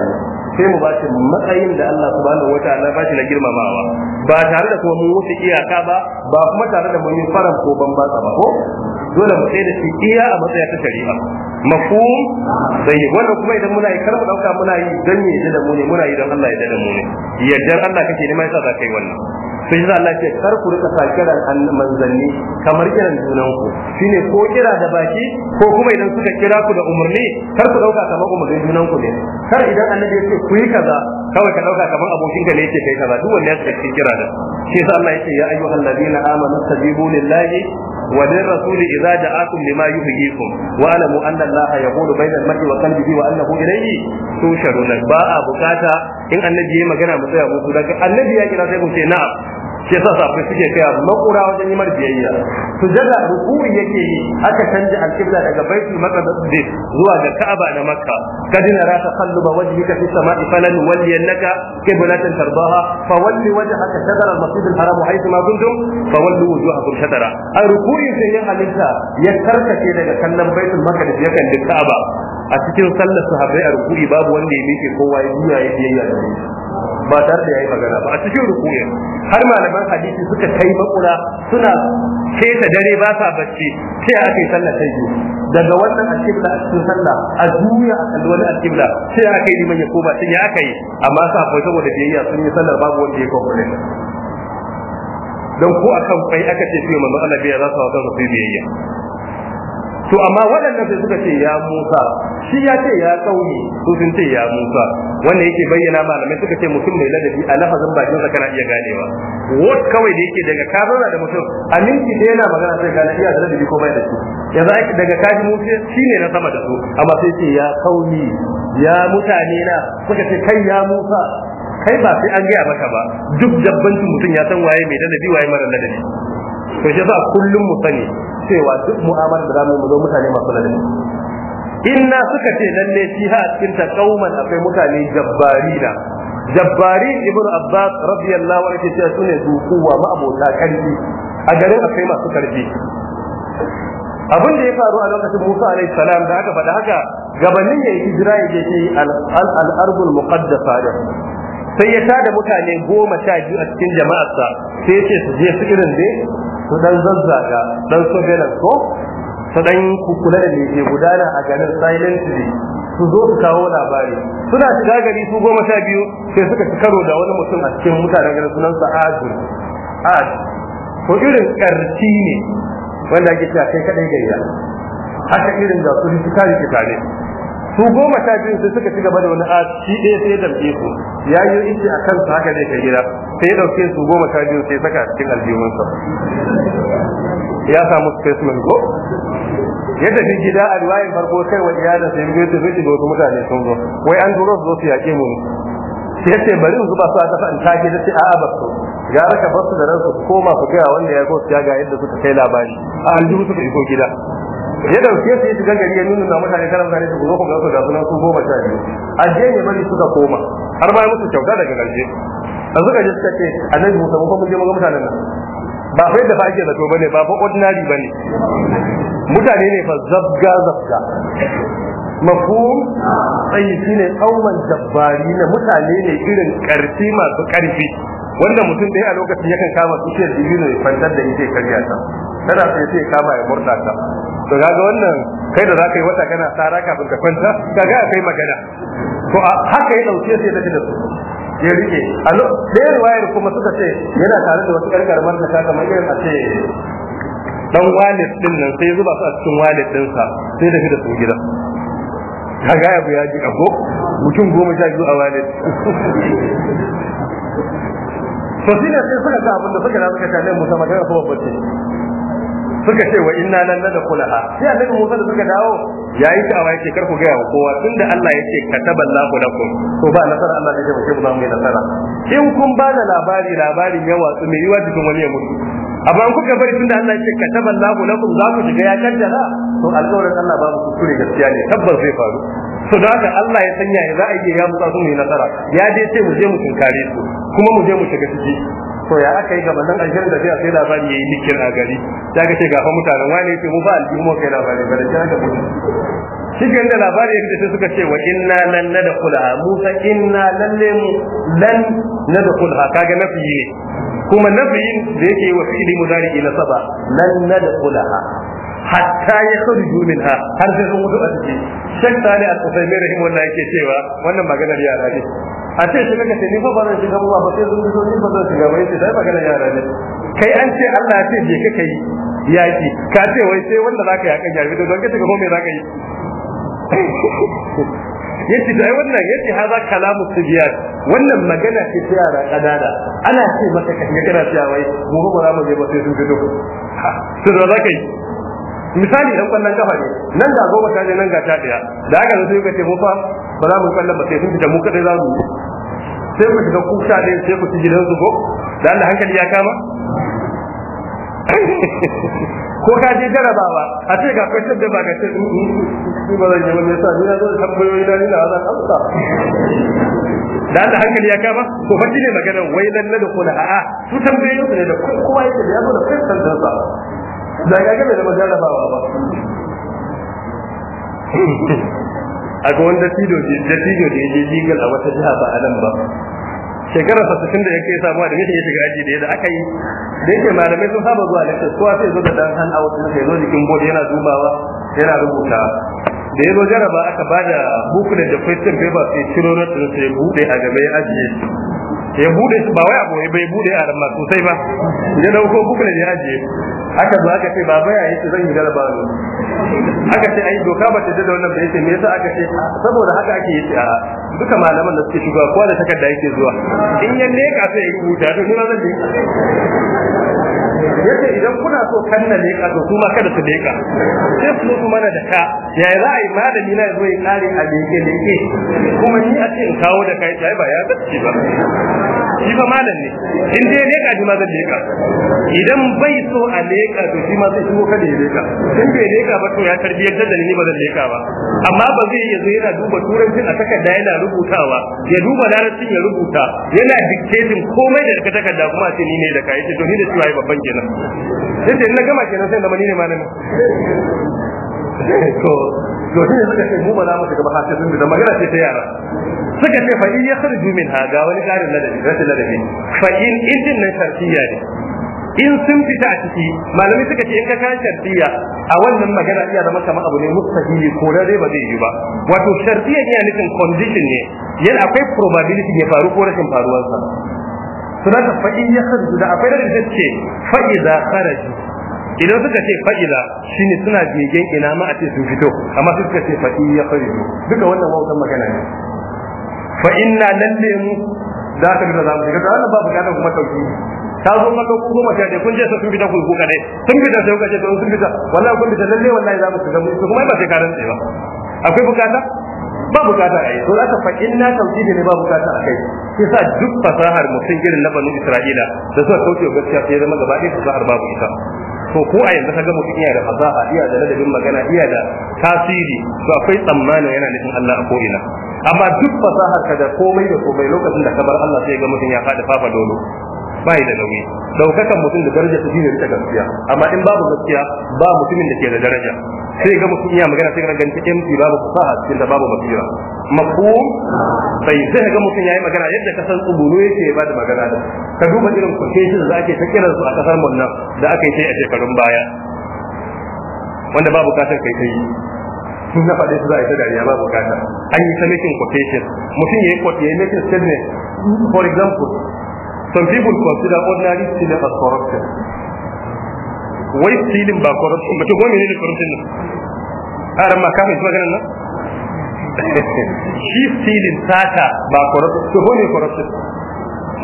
sai mu ba shi matsayin da Allah subhanahu wataala ba shi na girmamawa ba tare da kuma mun wuce iyaka ba ba kuma tare da mun yi faran ko ban ba ko dole mu da shi iya a matsayin ta shari'a mafhum sai wannan kuma idan muna yi kar mu dauka muna yi dan ne da mu ne muna yi dan Allah ya da mu ne yaddar Allah kake neman sa za kai wannan sai shi Allah ce kar ku rika sa kiran manzanni kamar kiran junan ku shine ko kira da baki ko kuma idan suka kira ku da umarni kar ku dauka kamar umarnin junan ku ne kar idan annabi ya ce ku yi kaza kawai ka dauka kamar abokinka ne yake kai kaza duk wanda ya cikin kira da shi yasa Allah yake ya ayyuhal ladina amanu tajibu lillahi wa lirrasul idza da'akum lima yuhyikum wa alamu anna Allah yaqulu bayna al-mar'i wa qalbihi wa annahu ilayhi tusharun ba a bukata in annabi ya magana mu tsaya mu daga annabi ya kira sai ku ce na'am shi yasa safi suke kai makura wajen yi biyayya sujada ruku'i yake yi aka canja alqibla daga baitul maqdis zuwa ga ka'aba da makka kadina ra ta qalluba wajhika fi sama'i falan waliyannaka qiblatan tardaha fa walli wajhaka shadara al-masjid al-haram haythu ma kuntum fa wallu wujuhakum shadara a ruku'i sai ya halitta ya karkace daga kallon baitul maqdis ya kalli ka'aba a cikin sallar sahabbai a rukuri babu wanda ya miƙe kowa ya juya ya biyayya da mu. ba tare da yayi magana ba a cikin rukuri har malaman hadisi suka kai makura suna keta dare ba sa bacci sai aka yi sallar ta daga wannan al-qibla a cikin sallah a juya a kalli wani al-qibla sai aka yi liman ya koma sai ya aka yi amma sahabbai saboda biyayya sun yi sallar babu wanda ya kwamfule don ko akan kai aka ce fiye mamman Allah biya za su hawa su biyayya to amma waɗannan sai suka ce ya Musa shi ya ce ya kauni su sun ce ya Musa wannan yake bayyana malamai suka ce mutum mai ladabi a lafazin bakin sa kana iya ganewa wot kawai da yake daga ka zauna da mutum a minti da yana magana sai gane iya da ladabi ko bai da shi yanzu ake daga kaji mutum shine na sama da su amma sai ce ya kauni ya mutane na suka ce kai ya Musa kai ba sai an gaya maka ba duk dabbancin mutum ya san waye mai ladabi waye mara ladabi to shi yasa kullum mu sani cewa duk mu'amala da zamu mu zo mutane masu ladabi inna suka ce lalle shi ha cikin ta kauman akwai mutane da jabbari ibnu abbas radiyallahu anhu ce sune su kuwa abota karfi a garin akwai masu karfi abin da ya faru a lokacin Musa alayhi salam da aka faɗa haka gabanin ya yi hijira ya je al-ardul muqaddasa sai ya tada mutane goma sha biyu a cikin jama'arsa sai ya ce su je su irin dai Su dan zazzaga dan surveillance ko su dan kukula da ke gudana a garin silently su zo su kawo labari suna shiga gari su goma sha biyu sai suka ci karo da wani mutum a cikin mutanen garin sunansa adu ad ko irin karci ne wanda ake cewa kai kadai gayya haka irin da su fitari fitare su goma sha biyu sai suka ci gaba da wani ci ɗaya sai da damƙe su ya yi ishi a kansu haka ne ka gida sai ya ɗauke su goma sha biyu sai saka cikin aljihunsa ya samu spaceman ko ya tafi gida a riwayin farko kai wa iyalin sai biyu ta fice da mutane sun zo wai an duro su zo su yaƙe mu sai ya ce bari su ba su a ƙasa in take da ce a ba su ya raka basu da ransu koma ku gaya wanda ya go su ya ga yadda suka kai labari a aljihu suka iko gida ya dauke su ya shiga gari ya nuna na mutane kana mutane su zo ku ga su ga sunan su goma sha biyu aje ne bari suka koma har ma musu kyauta daga garje da suka je suka ce annabi Musa mun kuma je mun ga mutanen nan ba fa yadda fa ake zato bane ba fa ordinary bane mutane ne fa zabga zabga mafhum sai shine kauman jabbari na mutane ne irin karfi masu karfi wanda mutum ɗaya a lokacin yakan kama tsakiyar dibino ya kwantar da ita ya karya ta tana sai sai kama ya murɗa ta to kaga wannan kai da zaka yi wata kana tsara kafin ka kwanta kaga kai magana to haka ya dauke sai ta da su ya rike a ɗaya riwayar kuma suka ce yana tare da wasu karkarmar da ta kamar irin a ce dan walid din nan sai zuba su a cikin walid dinsa sai da da su gida kaga abu ya ji abu mutum goma sha biyu a walid to shi ne sai suka abin da suka da suka ce annabi Musa magana ko babbace suka ce wa inna lan kulaha. sai annabi Musa da suka dawo yayi ta awa yake kar ku ga wa kowa tunda Allah yake kataballahu lakum to ba nasara Allah yake mu za mu yi nasara in kun ba da labari labarin yawa su mai yiwa jikin wani ya mutu amma in kuka bari da Allah ya ce kataba Allahu lakum za ku shiga ya kaddara to alƙawarin Allah babu kure gaskiya ne tabbas zai faru to da haka Allah ya sanya ya za a yi ya musa su mu yi nasara ya je ce mu je mu tunkare su kuma mu je mu shiga ciki to ya aka yi ga manzon aljirin da sai da ya yi nikir a gari ya ga ce ga fa mutanen wani ce mu ba aljihu mu kai labari bare da ga cikin da labari yake sai suka ce wa inna lan nadkhulha musa inna lan mu lan nadkhulha kaga nafi ne kuma nafiyin da yake wa fi'li mudari na saba lan nadkhulha hatta ya kharju minha har sai sun mutu a ciki shek sani a kusai mai rahim wannan yake cewa wannan maganar yara ne a ce shi kaga ni fa ba zan shiga ba sai sun zo ni ba zan shiga ba sai maganar yara ne kai an ce Allah ya ce je ka kai yaki ka ce wai sai wanda zaka yaka jarbi don ka shiga ko me zaka yi yace da wannan yace haza kalamu sibiyat wannan magana ce ta yara kadada ana ce maka ka ga kana cewa wai mu ba za mu je ba sai sun fito to da zaka yi misali dan kwallon kafa ne nan ga goma ta je nan ga ta daya da aka zo ka ce mu fa ba za mu kwallon ba sai sun da mu kada za mu sai ku shiga kusa ne sai ku ji da su dan da hankali ya kama ko ka je jarabawa a ce ga kwashin da ba ka ce su mm, mm, ba zan yi wani yasa ni na zo da tambayoyi na ni na zan amsa da Allah hankali ya kama ko fa ne magana wai lan na da kula a'a su tambayoyin su ne da kowa yake da ya da kansan da sa da ga ga da jarabawa ba a ga wanda tido da tido da yake jigal a wata jiha ba a nan ba shekarar sassatin da yake samu da ya shiga aji da yadda aka yi da yake malamai sun saba zuwa lecture kowa sai zo da dan hand out sai zo jikin board yana dubawa yana rubuta da ya zo jaraba aka bada booklet da question paper sai ciro na sai bude a gaba ya ajiye ya bude ba wai abu bai bude yaran ma sosai ba ya dauko bukle ya ajiye aka zo aka ce baba ya yi zan yi galaba aka ce ai doka ba ta da wannan bai ce me yasa aka ce saboda haka ake yi a duka malaman da suke shiga kowa da takarda yake zuwa in ya ka sai ya rubuta to ni ma zan je yace idan kuna so kanna leka to kuma kada su leka sai su mutu mana da ka ya za a yi malami na zo ya kare a leke leke kuma ni a ce in kawo da kai sai ba ya gaske ba shi ba malam ne in dai leka shi ma zai leka idan bai so a leka to shi ma zai shigo kada ya leka in bai leka ba to ya tarbiyyantar da ni ba zan leka ba amma ba zai iya zo yana duba turancin a takarda yana rubutawa ya duba larabcin ya rubuta yana dictating komai da takarda kuma sai ni ne da kai to ni da shi babban ke kenan sai da na gama kenan sai da mani ne nan to to sai suka ce mu ba za mu shiga ba har sai sun da magana ce ta yara suka ce fa in ya kharju min ha ga wani karin ladabi rashin ladabi fa in idin nan shartiya ne in sun fita a ciki malami suka ce in ka kan shartiya a wannan magana iya zama kamar abu ne mustahili ko dai ba zai yi ba wato shartiya yana nufin condition ne yana akwai probability ya faru ko rashin faruwarsa sunaka ta in ya kharju da akwai da ce fa za kharaju idan suka ce shi shine suna begen ina ma a ce sun fito amma suka ce fa'i ya kharju duka wannan wautan magana ne fa inna lalle mu za ka ga zamu shiga wannan babu kada kuma tauki ta zo maka kuma goma sha kun je sun fita ku ku kadai sun fita sai kuka ce sun fita wallahi kun fita lalle wallahi za ku shiga mu kuma ba sai karan ba akwai bukata ba bukata a yi to aka fa inna tauhidi ne ba bukata a kai shi sa duk fasahar mutum irin na banu isra'ila da suka kauce gaskiya sai zama gaba ɗaya fasahar babu ita to ko a yanzu kaga mutum iya da fasaha iya da ladabin magana iya da tasiri to akwai tsammanin yana nufin Allah a ko ina amma duk fasahar ka da komai da komai lokacin da ka bar Allah sai ga mutum ya faɗi fafa dolo bai da nauyi daukakan mutum da daraja su shine ta gaskiya amma in babu gaskiya ba mutumin da ke da daraja sai ga mutum ya magana sai ga ganin cikin babu fasaha cikin da babu basira mafhum Sai sai ga mutum yayi magana yadda ka san tsubulu yake ba da magana da ka duba irin kwafeshin da ake ta kiransu a kasar mu nan da aka yi sai a shekarun baya wanda babu bukatar kai kai yi sun na faɗe su za a yi ta dariya Babu bukatar an yi ta making quotation mutum ya yi quote ya yi making statement for example some people consider ordinary student as corruption wai filin ba ko ba to ko menene corruption ne a ran ma ka fahimci maganar nan shi filin sata ba corruption to ko ne corruption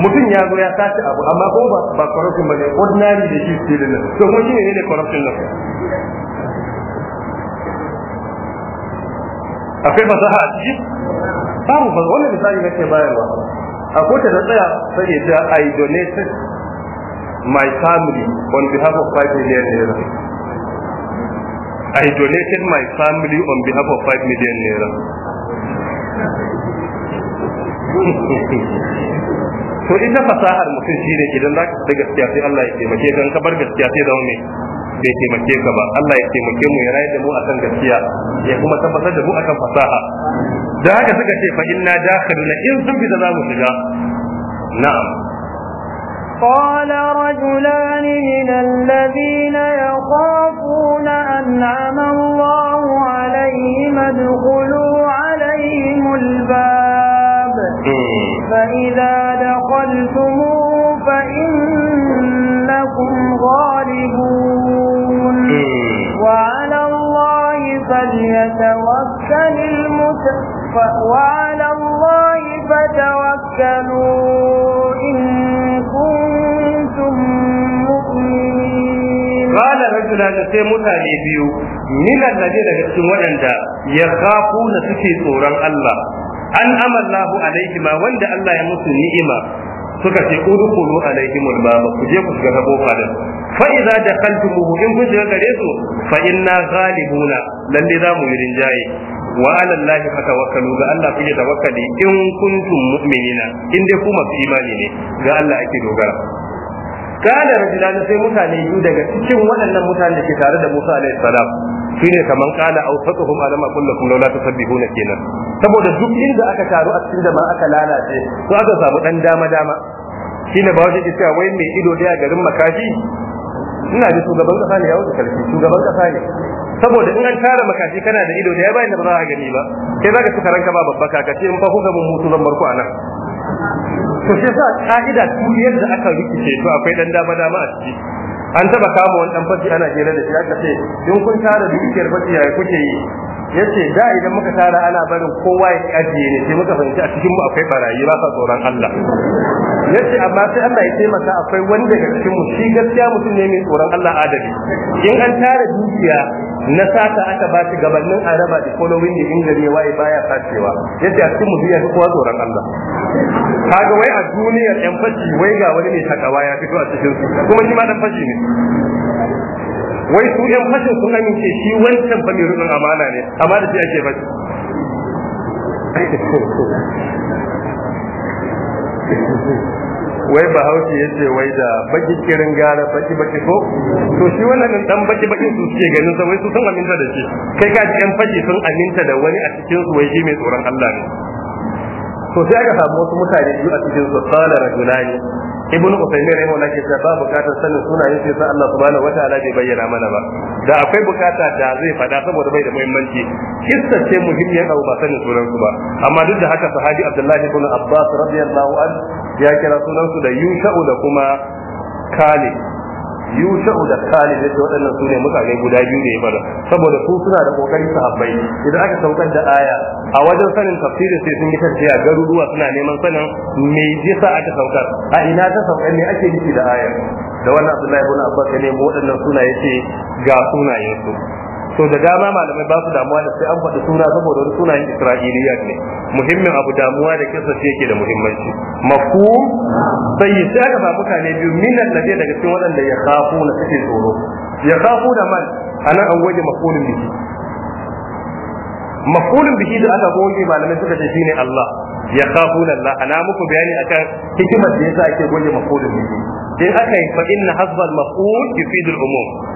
mutum ya zo ya sace abu amma ko ba ba ba ne ordinary da shi filin nan to ko ne ne corruption nan akwai fasaha a ciki babu ba wannan misali nake bayarwa a kotu ta tsaya sai ya ce i donated my family on behalf of 5 million naira. I donated my family on behalf of 5 million naira. to ita fasahar mutum shi ne idan za ka fita gaskiya sai Allah ya taimake ka ka bar gaskiya sai zama ne bai taimake ka ba Allah ya taimake mu ya rayar da mu akan gaskiya ya kuma tabbatar da mu akan fasaha da haka suka ce fa inna dakhiluna in sun fita za mu shiga na'am قال رجلان من الذين يخافون أنعم الله عليهم ادخلوا عليهم الباب فإذا دخلتموه فإنكم غالبون وعلى الله فليتوكل المتوكل وعلى الله فتوكلون qala rajulan sai mutane biyu min alladhi daga cikin waɗanda ya khafuna suke tsoron Allah an amallahu alaihima wanda Allah ya musu ni'ima suka ce udkhulu alaihimul baba ku je ku shiga kofa da fa idza dakhaltumuhu in kun shiga gare su fa inna ghalibuna lalle za mu yi rinjaye wa ala allahi fatawakkalu ga Allah kuke tawakkali in kuntum mu'minina in dai ku masu imani ne ga Allah ake dogara kana rajulan sai mutane biyu daga cikin waɗannan mutane da ke tare da Musa alaihi salam shine kaman kana awsatuhum alama kullakum la tusabbihuna kenan saboda duk inda aka taru a cikin da ma aka lalace to aka samu dan dama dama shine ba wajin cewa wai mai ido daya garin makashi ina da shugaban kasa ne ya wuce karfi shugaban kasa ne saboda in an tara makashi kana da ido da ya bayan da ba za a gani ba sai zaka ci ranka ba babba kaka ce in fa kuka mun mutu zan barku anan to shi yasa ka'ida duk yadda aka rikice to akwai dan dama dama a ciki an taba kama wani dan fasi ana jere da shi aka ce in kun tara dukiyar fashi ya kuke yi yace da idan muka tara ana barin kowa ya ajiye ne sai muka fahimci a cikin mu akwai barayi ba sa tsoron Allah yace amma sai Allah ya taimaka akwai wanda daga cikin mu shi gaskiya mutum ne mai tsoron Allah adali in an tara dukiya na sata aka ba shi gabanin araba da da the injury waye baya sacewa yadda a cikin mu biya kuwa tsoron Allah kaga wai a duniyar yan fashi wai ga wani mai takawa ya fito a cikin su kuma shi ma dan fashi ne wai su yan fashin sun amince shi wancan ba mai rubin amana ne amma da shi ake fashi Thank you. wai ba hausa ya ce wai da baki kirin gara baki baki ko to shi wannan dan baki baki su suke ganin sa wai su sun aminta da shi kai ka ji yan fashi sun aminta da wani a cikin su wai shi mai tsoron Allah ne to sai aka samu wasu mutane biyu a cikin su qala rajulani ibnu usaymin rahimahullah ke cewa ba bukatar sanin sunayen sai sa Allah subhanahu wataala bai bayyana mana ba da akwai bukata da zai fada saboda bai da muhimmanci kissa ce muhimmiyar abu ba sanin sunan su ba amma duk da haka sahabi abdullahi ibn abbas radiyallahu anhu ya kira sunansu da yusha'u da kuma kale yusha'u da kale da su waɗannan su ne mutane guda biyu da ya fara saboda su suna da kokari su habbai idan aka saukar da aya a wajen sanin tafsiri sai sun yi tafiya garuruwa suna neman sanin me yasa aka saukar a ina ta saukar ne ake nufi da aya da wannan abdullahi ibn abbas ne mu waɗannan suna yace ga sunayen su So da dama malamai ba su damuwa da sai an faɗi suna saboda wani sunayen isra'iliya ne muhimmin abu damuwa da kisa ce yake da muhimmanci mafu sai ya saka ba mutane biyu min alladhi daga cikin waɗanda ya kafu na suke tsoro ya kafu da man nan an waje mafulin biki. mafulin biki da aka goge malamai suka ce shine Allah ya kafu Allah ana muku bayani akan hikimar da yasa ake goge mafulin biki, in aka yi fa inna hasbal mafhul yufidul umum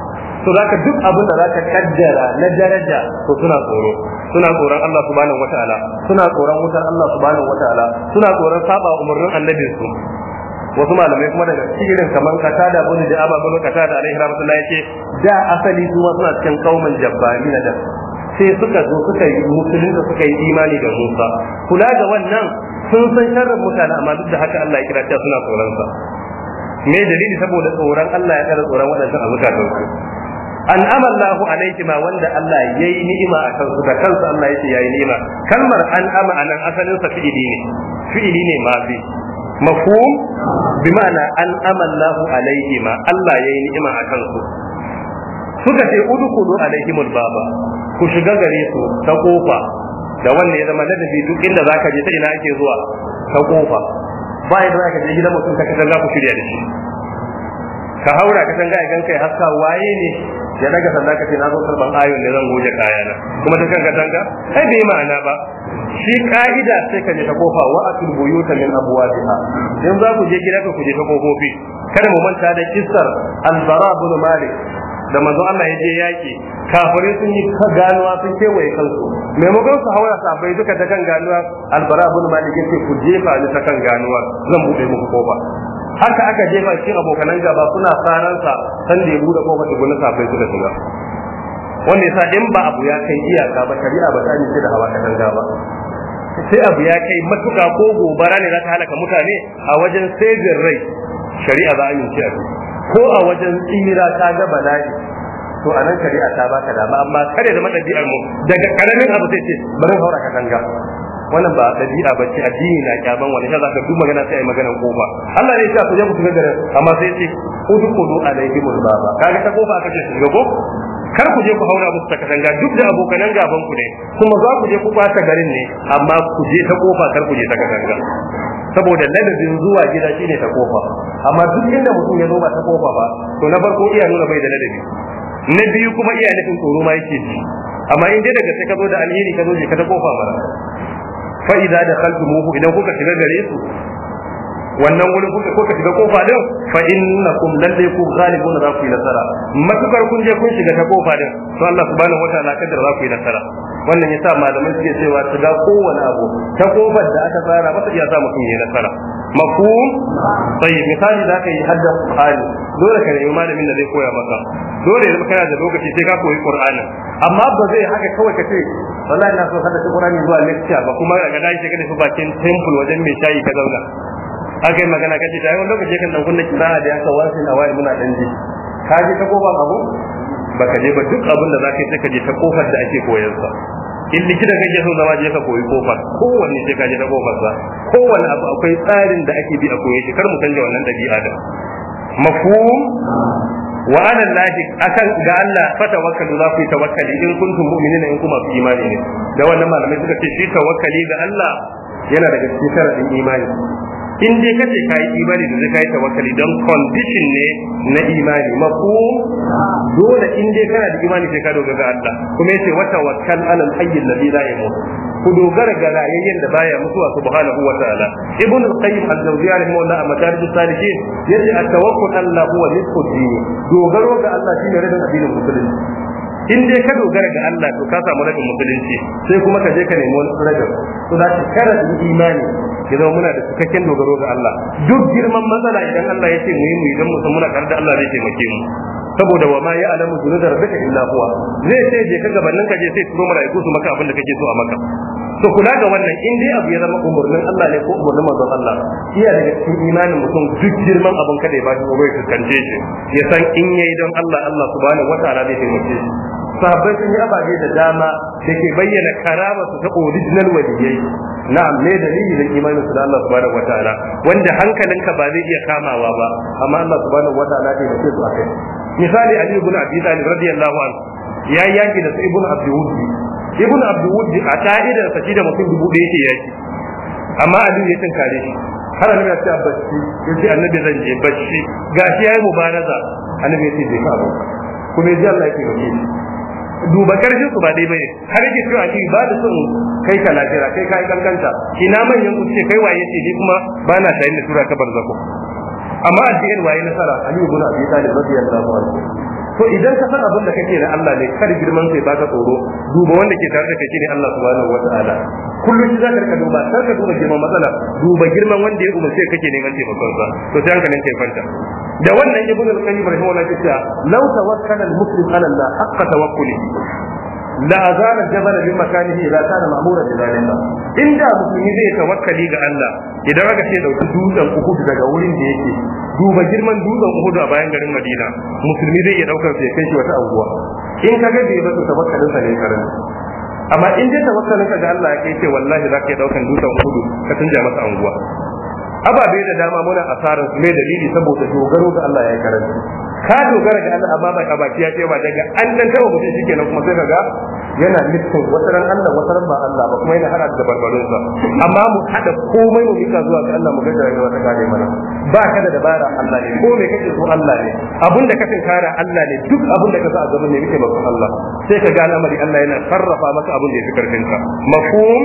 to zaka duk abin da zaka kaddara na daraja to suna tsoro suna tsoron Allah subhanahu wataala suna tsoron wutar Allah subhanahu wataala suna tsoron saba umurnin annabi su wasu malamai kuma daga cikin kamar da bin da aba bin da alaihi rahmatullahi yace da asali su suna cikin kaumin jabbari da sai suka zo suka yi musulun da suka yi imani da Musa kula ga wannan sun san sharrin mutane amma duk da haka Allah ya kira ta suna tsoron sa me dalili saboda tsoron Allah ya kara tsoron waɗannan abuka da su An amallahu alaihima wanda Allah yayi ni'ima a kansu da kansu Allah yake yayi ni'ima kalmar an'ama anan asalin sa fi'ili ne fi'ili ne mafi mafhum bi ma'ana an'ama Allahu alaihima Allah yayi ni'ima a kansu suka ce udkhulu alaihimul baba ku shiga gare su ta kofa da wanda ya zama ladabi duk inda zaka je ta ina ake zuwa ta kofa ba yadda zaka je gidan mutum ka kasar ku shirya da shi ka haura ka san ga ganka ya haska waye ne ya daga sanda ka ce na zo karban ayon da zan goje kayana kuma ta kanka tanga ai bai ma'ana ba shi ka'ida sai ka je ta kofa wa atul buyuta min abwabiha in za ku je gida ka ku je ta kofofi kada mu manta da kissar al-bara ibn malik da manzo Allah ya je yaki kafirai sun yi ka ganuwa sun kewaye kansu maimakon su haura sabai duka ta kan ganuwa albara ibn malik ce ku jefa ni ta kan ganuwa zan bude muku kofa haka aka jefa shi abokanan gaba suna sa san da ya bude kofar tukunin safai suka shiga wanda yasa in ba abu ya kai iyaka ba shari'a ba ta yi da hawa katanga ba sai abu ya kai matuka ko gobara ne za ta halaka mutane a wajen sejin rai shari'a za a amince a ko a wajen tsira ta ga bala'i to a nan shari'a ta baka dama amma kare da ɗabi'ar mu daga karamin abu sai ce bari haura katanga wannan ba dabi'a ba ce addini na kyaban wani sai zaka duk magana sai ai magana kofa Allah ne ya ce ku shiga garin amma sai ce duk a udkhulu alaihimul baba kaga ta kofa kace shiga ko kar ku je ku haura musu ta katanga duk da abokanan gaban ku ne kuma za ku je ku kwata garin ne amma ku je ta kofa kar ku je ta katanga saboda ladabin zuwa gida shine ta kofa amma duk inda mutum ya zo ba ta kofa ba to na farko iya nuna bai da ladabi na biyu kuma iya nufin tsoro ma yake ji amma in dai daga sai ka zo da alheri ka zo je ka ta kofa mara da idza muku idan kuka shiga gare su wannan wurin kuka kuka shiga kofa din fa kum lalle ku ghalibuna za ku yi nasara matukar kun je kun shiga ta kofa din to Allah subhanahu wataala kadar za ku yi nasara wannan ya sa malamai suke cewa su ga kowane abu ta kofar da aka tsara masa iya sa mutum ya nasara mafu sai misali za ka yi hadda qur'ani dole ka nemi malamin da zai koya maka dole ya kana da lokaci sai ka koyi qur'ani amma ba zai haka kawai ka ce wallahi na so hadda qur'ani zuwa lecture ba kuma ga dai sai ka tafi bakin temple wajen mai shayi ka zauna aka yi magana kace da yawan lokaci kan dan na kira da ya kawo sai na wani muna danji ka ji ta koba abu baka je ba duk abin da zaka yi sai ka je ta kofar da ake koyar sa in likita kake so zama je ka koyi kofar kowanne sai ka je ta kofar sa kowanne abu akwai tsarin da ake bi a koye shi kar mu canja wannan dabi'a da mafhum wa ala lahi akan ga Allah fa tawakkalu za ku yi tawakkali in kuntum mu'minina in kuma fi imani ne da wannan malamai suka ce shi tawakkali ga Allah yana daga cikin sharadin imani in dai kace ka yi imani da zai yi tawakkali don condition ne na imani mako dole in dai kana da imani sai ka dogara Allah kuma yace wata tawakkal alal hayy alladhi la yamut ku dogara ga rayayyen da baya mutuwa subhanahu wa ta'ala ibn al-qayyim al rahimahu Allah a matarij salihin yace at-tawakkul Allah huwa rizqud dogaro ga Allah shine rabin addinin musulunci in dai ka dogara ga Allah to ka samu rabin musulunci sai kuma ka je ka nemi wani rabin to za ka kara imani ya zama muna da cikakken dogaro ga Allah duk girman matsala idan Allah ya ce mu yi mu idan mu san muna tare da Allah zai taimake mu saboda wa ma ya alamu zunubar rabbika illa huwa zai sai je ka gabanin ka je sai turo mala'iku su maka abin da kake so a maka to kula ga wannan in dai abu ya zama umurnin Allah ne ko umurnin manzon Allah iya daga cikin imanin mutum duk girman abun kada ya ba shi ya fuskance shi ya san in yayi don Allah Allah subhanahu wataala zai taimake shi sabai sun yi ababe da dama da ke bayyana karama su ta original waliyai na'am da dalili da imanin su da Allah subhanahu wataala wanda hankalinka ba zai iya kamawa ba amma Allah subhanahu wataala zai taimake su akai misali Ali ibn Abi Talib radiyallahu anhu ya yaki da Ibn Abi Wudi ibn abdul a da sa da mutum dubu ɗaya ke yaki amma aliyu ya tinkare shi har annabi ya ce a bacci ya ce annabi zan je bacci gashi yayi mubaraza annabi ya ce je ka abu kuma ya ji Allah yake roƙe duba karfin su ba dai bane har yake cewa shi ba da son kai ka lafiya kai kai kankanta ina manyan ku ce kai waye ce ni kuma ba na tayin da sura ta barzako amma addinin waye nasara aliyu ibn abi talib radiyallahu anhu to idan ka san abin da kake na Allah ne kar girman sai baka tsoro duba wanda ke tare da kake ne Allah subhanahu wataala kullum shi zaka ka duba sai ka duba girman matsala duba girman wanda ya umarce kake neman taimakon sa to sai hankalin kai fanta da wannan ibnu al-qayyim rahimahullah ya ce law tawakkala al-muslim ala Allah haqqa tawakkuli la azana jabal min makanihi la kana ma'mura bi zalika inda musulmi zai tawakkali ga Allah idan aka ce dauki dutsen uku daga wurin da yake duba girman dutsen uku a bayan garin Madina musulmi zai iya daukar sai kai shi wata anguwa in ka bai ba su tawakkalin sa ne karin amma in dai tawakkalin ka ga Allah ya kai ce wallahi zaka iya daukan dutsen uku ka tunja masa anguwa ababe da dama muna asarar su ne dalili saboda dogaro ga Allah ya karanta ka dogara ga Allah amma baka baki ya ce ba daga an dan taba mutum shikenan kuma sai kaga yana listin wasaran Allah wasaran ba Allah ba kuma yana hada da barbarun sa amma mu hada komai mu mika zuwa ga Allah mu ga wata ta kare mana ba ka da dabara Allah ne ko me kake so Allah ne Abun da ka tinkara Allah ne duk abun da ka sa a zaman ne muke maka Allah sai ka ga al'amari Allah yana sarrafa maka abun da ya fi karfin ka mafhum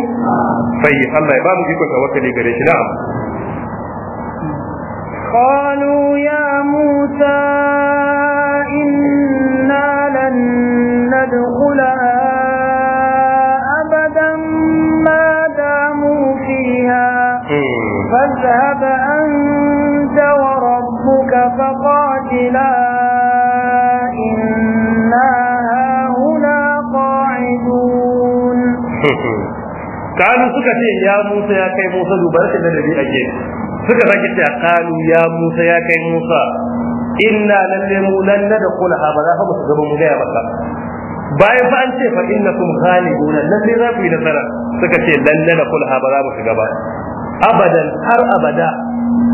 sai Allah ya ba mu iko tawakkali gare shi na'am قالوا يا موسى إنا لن ندخلها أبدا ما داموا فيها فاذهب أنت وربك فقاتلا إنا هاهنا قاعدون تعالوا سكتين يا موسى يا كي موسى دبرت الذي أجيب suka zaki ta qalu ya Musa ya kai Musa inna lalle mu da kula ba za mu gaba mu gaya maka bayan fa an ce fa innakum khalidun lalle za ku yi nasara suka ce lan nadkhula ba za mu gaba. abadan har abada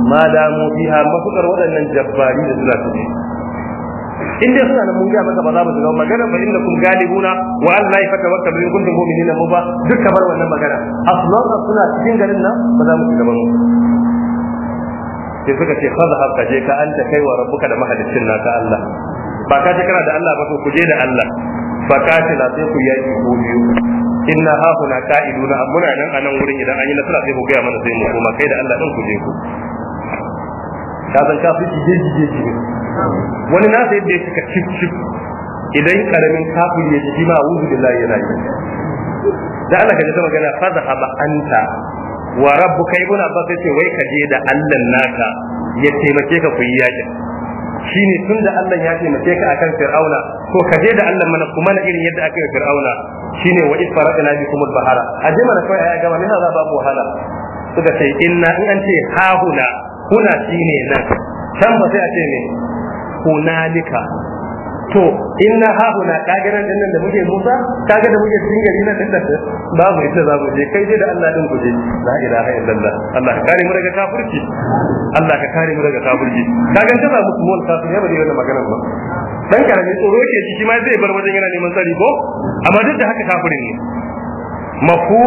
ma da mu fiha mafukar waɗannan jabbari da suna tafi in dai suna nan mun gaya maka ba za mu shiga magana fa innakum galibuna wa Allah ya fata wakka bin kuntum mu'minina mu ba duk kamar wannan magana aslan suna cikin garin nan ba za mu shiga mu sai suka ce fazhab ka je ka anta kai wa rabbuka da mahaliccin naka Allah ba ka je kana da Allah ba ko ku je da Allah fa katila sai ku yaki ku biyu inna ha huna qa'iduna muna nan a nan wurin idan an yi nasara sai ku ga mana sai mu koma kai da Allah din ku je ku ka san ka fi jeji jeji wani na sai da suka cip cip idan karamin kafiri ya ji ma wuzu billahi yana yi da Allah ka ji ta magana fa zahaba anta wa rabbu kai ibn abbas yace wai ka je da allan naka ya taimake ka ku yi yakin shine tun da allan ya taimake ka akan fir'auna ko ka je da allan mana kuma na irin yadda aka yi fir'auna shine wa id faradna bikum al-bahara aje mana kai aya gama ne za ba ku wahala suka ce inna in an ce hahuna kuna shine nan can ba sai a ce ne hunalika to inna hahuna din nan da muke Musa kaga da muke cikin gari na dinnan babu inda za mu je kai dai da Allah din ku je la ilaha illallah Allah ka kare mu daga kafirci Allah ka kare mu daga kafirci kaga ta ba musu mun kafir ya bari wannan magana ba dan karami tsoro ke ciki ma zai bar wajen yana neman tsari ko amma duk da haka kafirin ne mafu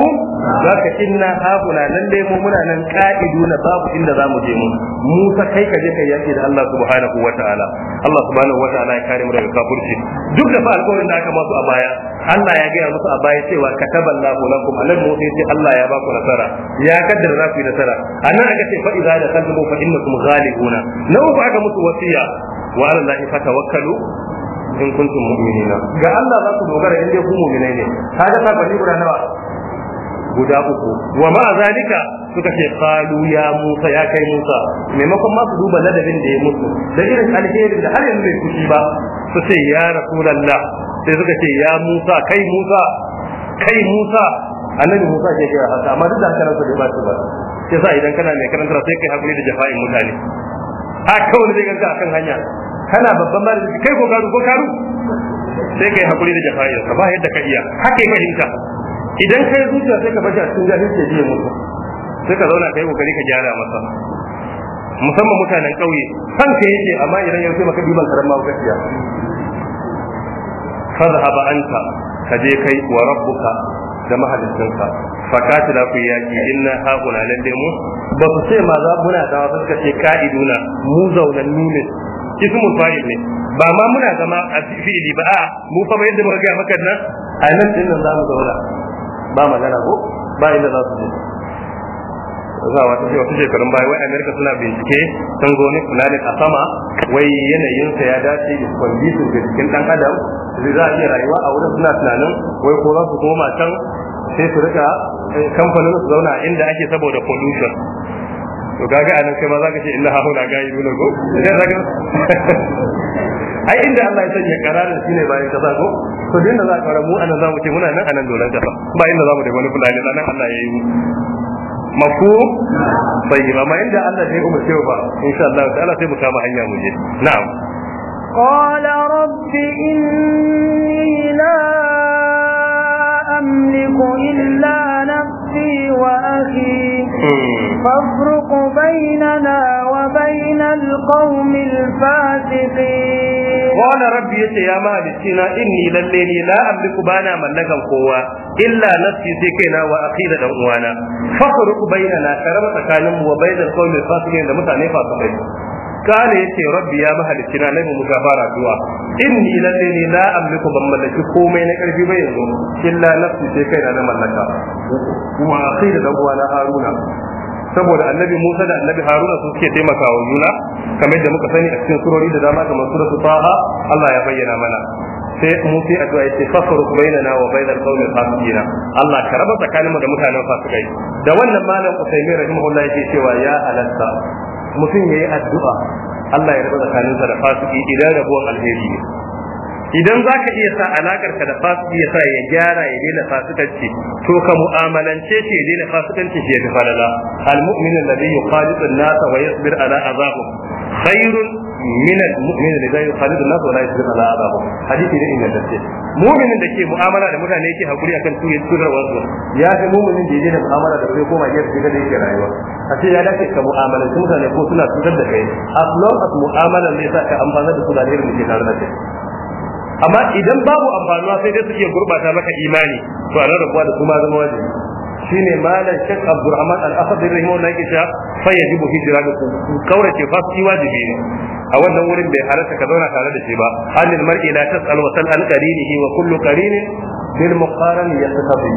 za ka inna haƙuna nan dai mu muna nan ka'idu na babu inda za mu je mu musa kai ka je kai yaƙi da Allah subhanahu wa ta'ala Allah subhanahu wa ta'ala ya kare mu daga kafirci duk da fa alƙawarin da aka masu a baya Allah ya gaya musu a baya cewa kataballahu lakum alal musa yace Allah ya ku nasara ya kaddara za ku yi nasara anan aka ce fa idza da kalbu fa innakum ghalibuna nawa aka musu wasiya wa ala fata fatawakkalu in kuntum mu'minina ga Allah za ku dogara in dai ku mu'minai ne kaga bani guda nawa guda uku wa ma zalika suka ce qalu ya Musa ya kai Musa maimakon ma su duba ladabin da ya mutu da irin alherin da har yanzu bai kushi ba su ce ya rasulullah sai suka ce ya Musa kai Musa kai Musa annabi Musa ke kira haka amma duk da haka ransa ba su ba sai sa idan kana mai karanta sai kai hakuri da jafa'in mutane a kawai zai ganka akan hanya kana babban malami kai ko karu ko karu sai kai hakuri da jafa'ir ka ba yadda ka iya haka ka hinta idan kai zuciya sai ka bashi a cikin jahilci jiya mutu sai ka zauna kai kokari ka gyara masa musamman mutanen ƙauye san ka yake amma idan ya sai maka biban karamma gaskiya fadhhaba anta ka je kai wa rabbuka da ka. fakati da ku yaki inna haƙuna lalle mu ba su ce ma za muna dawa suka ce ka'iduna mu zaunan nunin ismu mutfa'il ne ba ma muna zama a fi'ili ba a mu fa yadda muka ga maka nan a nan din nan zamu zauna ba magana ko ba inda za su je za wata ce wata shekarun baya wai amerika suna bincike sun zo ne a sama wai yanayinsa ya dace da condition da cikin dan adam zai za a iya rayuwa a wurin suna tunanin wai ko za su koma can sai su rika eh, kamfanin su zauna inda ake saboda pollution to gaga anan kai ma zaka ce inna hauna gayi nuna ko idan zaka ai inda Allah ya sanya kararin shine bayan kaza ko to dinda za ka mu anan zamu ce muna nan anan dolan kaza ba inda zamu da wani fulani nan Allah ya yi mu mafu bai ba ma inda Allah ya umar sai ba insha Allah ta'ala sai mu kama hanya mu je na'am قال رب إني لا أملك إلا نفسي وأخي فافرق بيننا وبين القوم الفاسقين قال ربي يتي يا مالكينا اني لليني لا املك بانا من لك القوة إلا نفسي سيكينا وأخيرا دعوانا فافرق بيننا كرم تكالم وبين القوم الفاسقين لمتعني فاسقين قال يا ربي يا مالكينا لهم مجابارة دعاء إني لليني لا أملك بملك قومي نكرفي بينهم إلا نفسي سيكينا لك وأخيرا دعوانا هارونا saboda annabi Musa da annabi Haruna su suke taimakawa juna kamar yadda muka sani a cikin surori da dama kamar suratu Taha Allah ya bayyana mana sai mu sai addu'a yace fasruq bainana wa bainal qawmi fasiqina Allah ka raba tsakanin mu da mutanen fasikai da wannan malam Usaimin rahimahullah yake cewa ya alasta mutum yayi addu'a Allah ya raba tsakaninsa da fasiki idan rabuwan alheri ne idan za ka iya sa alakar ka da fasiki ya sa ya gyara ya daina fasikanci to ka mu'amalance shi ya daina fasikanci shi ya fi falala almu'min alladhi yukhalitu an-nasa wa yasbir ala azabihim khairun min almu'min alladhi yukhalitu an-nasa wa la yasbir ala azabihim hadisi ne ingantacce mu'minin da ke mu'amala da mutane yake hakuri akan su ya tsura wasu ya fi mu'minin da yake da mu'amala da sai koma ya shiga da yake rayuwa a ce ya dace ka mu'amalance mutane ko suna tsudar da kai as long as mu'amalan ne sa ka amfana da su da irin da ke tare da kai amma idan babu amfanuwa sai dai su iya gurbata maka imani to a rarrabuwa da kuma zama wajibi shine malam Sheikh Abdulrahman Al-Asad rahimahullah yake cewa fa yajibu hijratu kaura ce fa shi wajibi ne a wannan wurin bai halatta ka zauna tare da shi ba anil mar'i la tas'al wa sal an qarinihi wa kullu qarinin bil muqaran yastaqi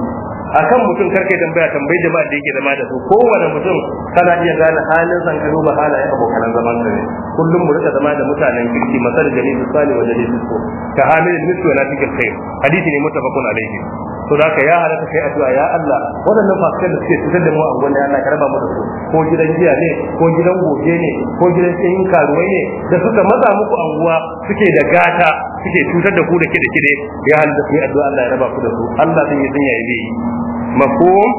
akan mutum karkai tambaya tambayi jama'a da yake zama da su kowane mutum kana iya gane halin san ba halaye halayen abokan zaman ka ne kullum mu rika zama da mutanen kirki masar da ne misali wa jami'i su ka halin nisu na cikin kai hadisi ne mutafakun alaihi to da ka ya halaka kai addu'a ya Allah waɗannan fasikan da suke cutar da mu a gwanda Allah ka raba mu da su ko gidan jiya ne ko gidan goge ne ko gidan tsayin karuwai ne da suka matsa muku anguwa suke da gata suke cutar da ku da kide-kide ya halaka kai addu'a Allah ya raba ku da su Allah zai yi sun yayi mafhum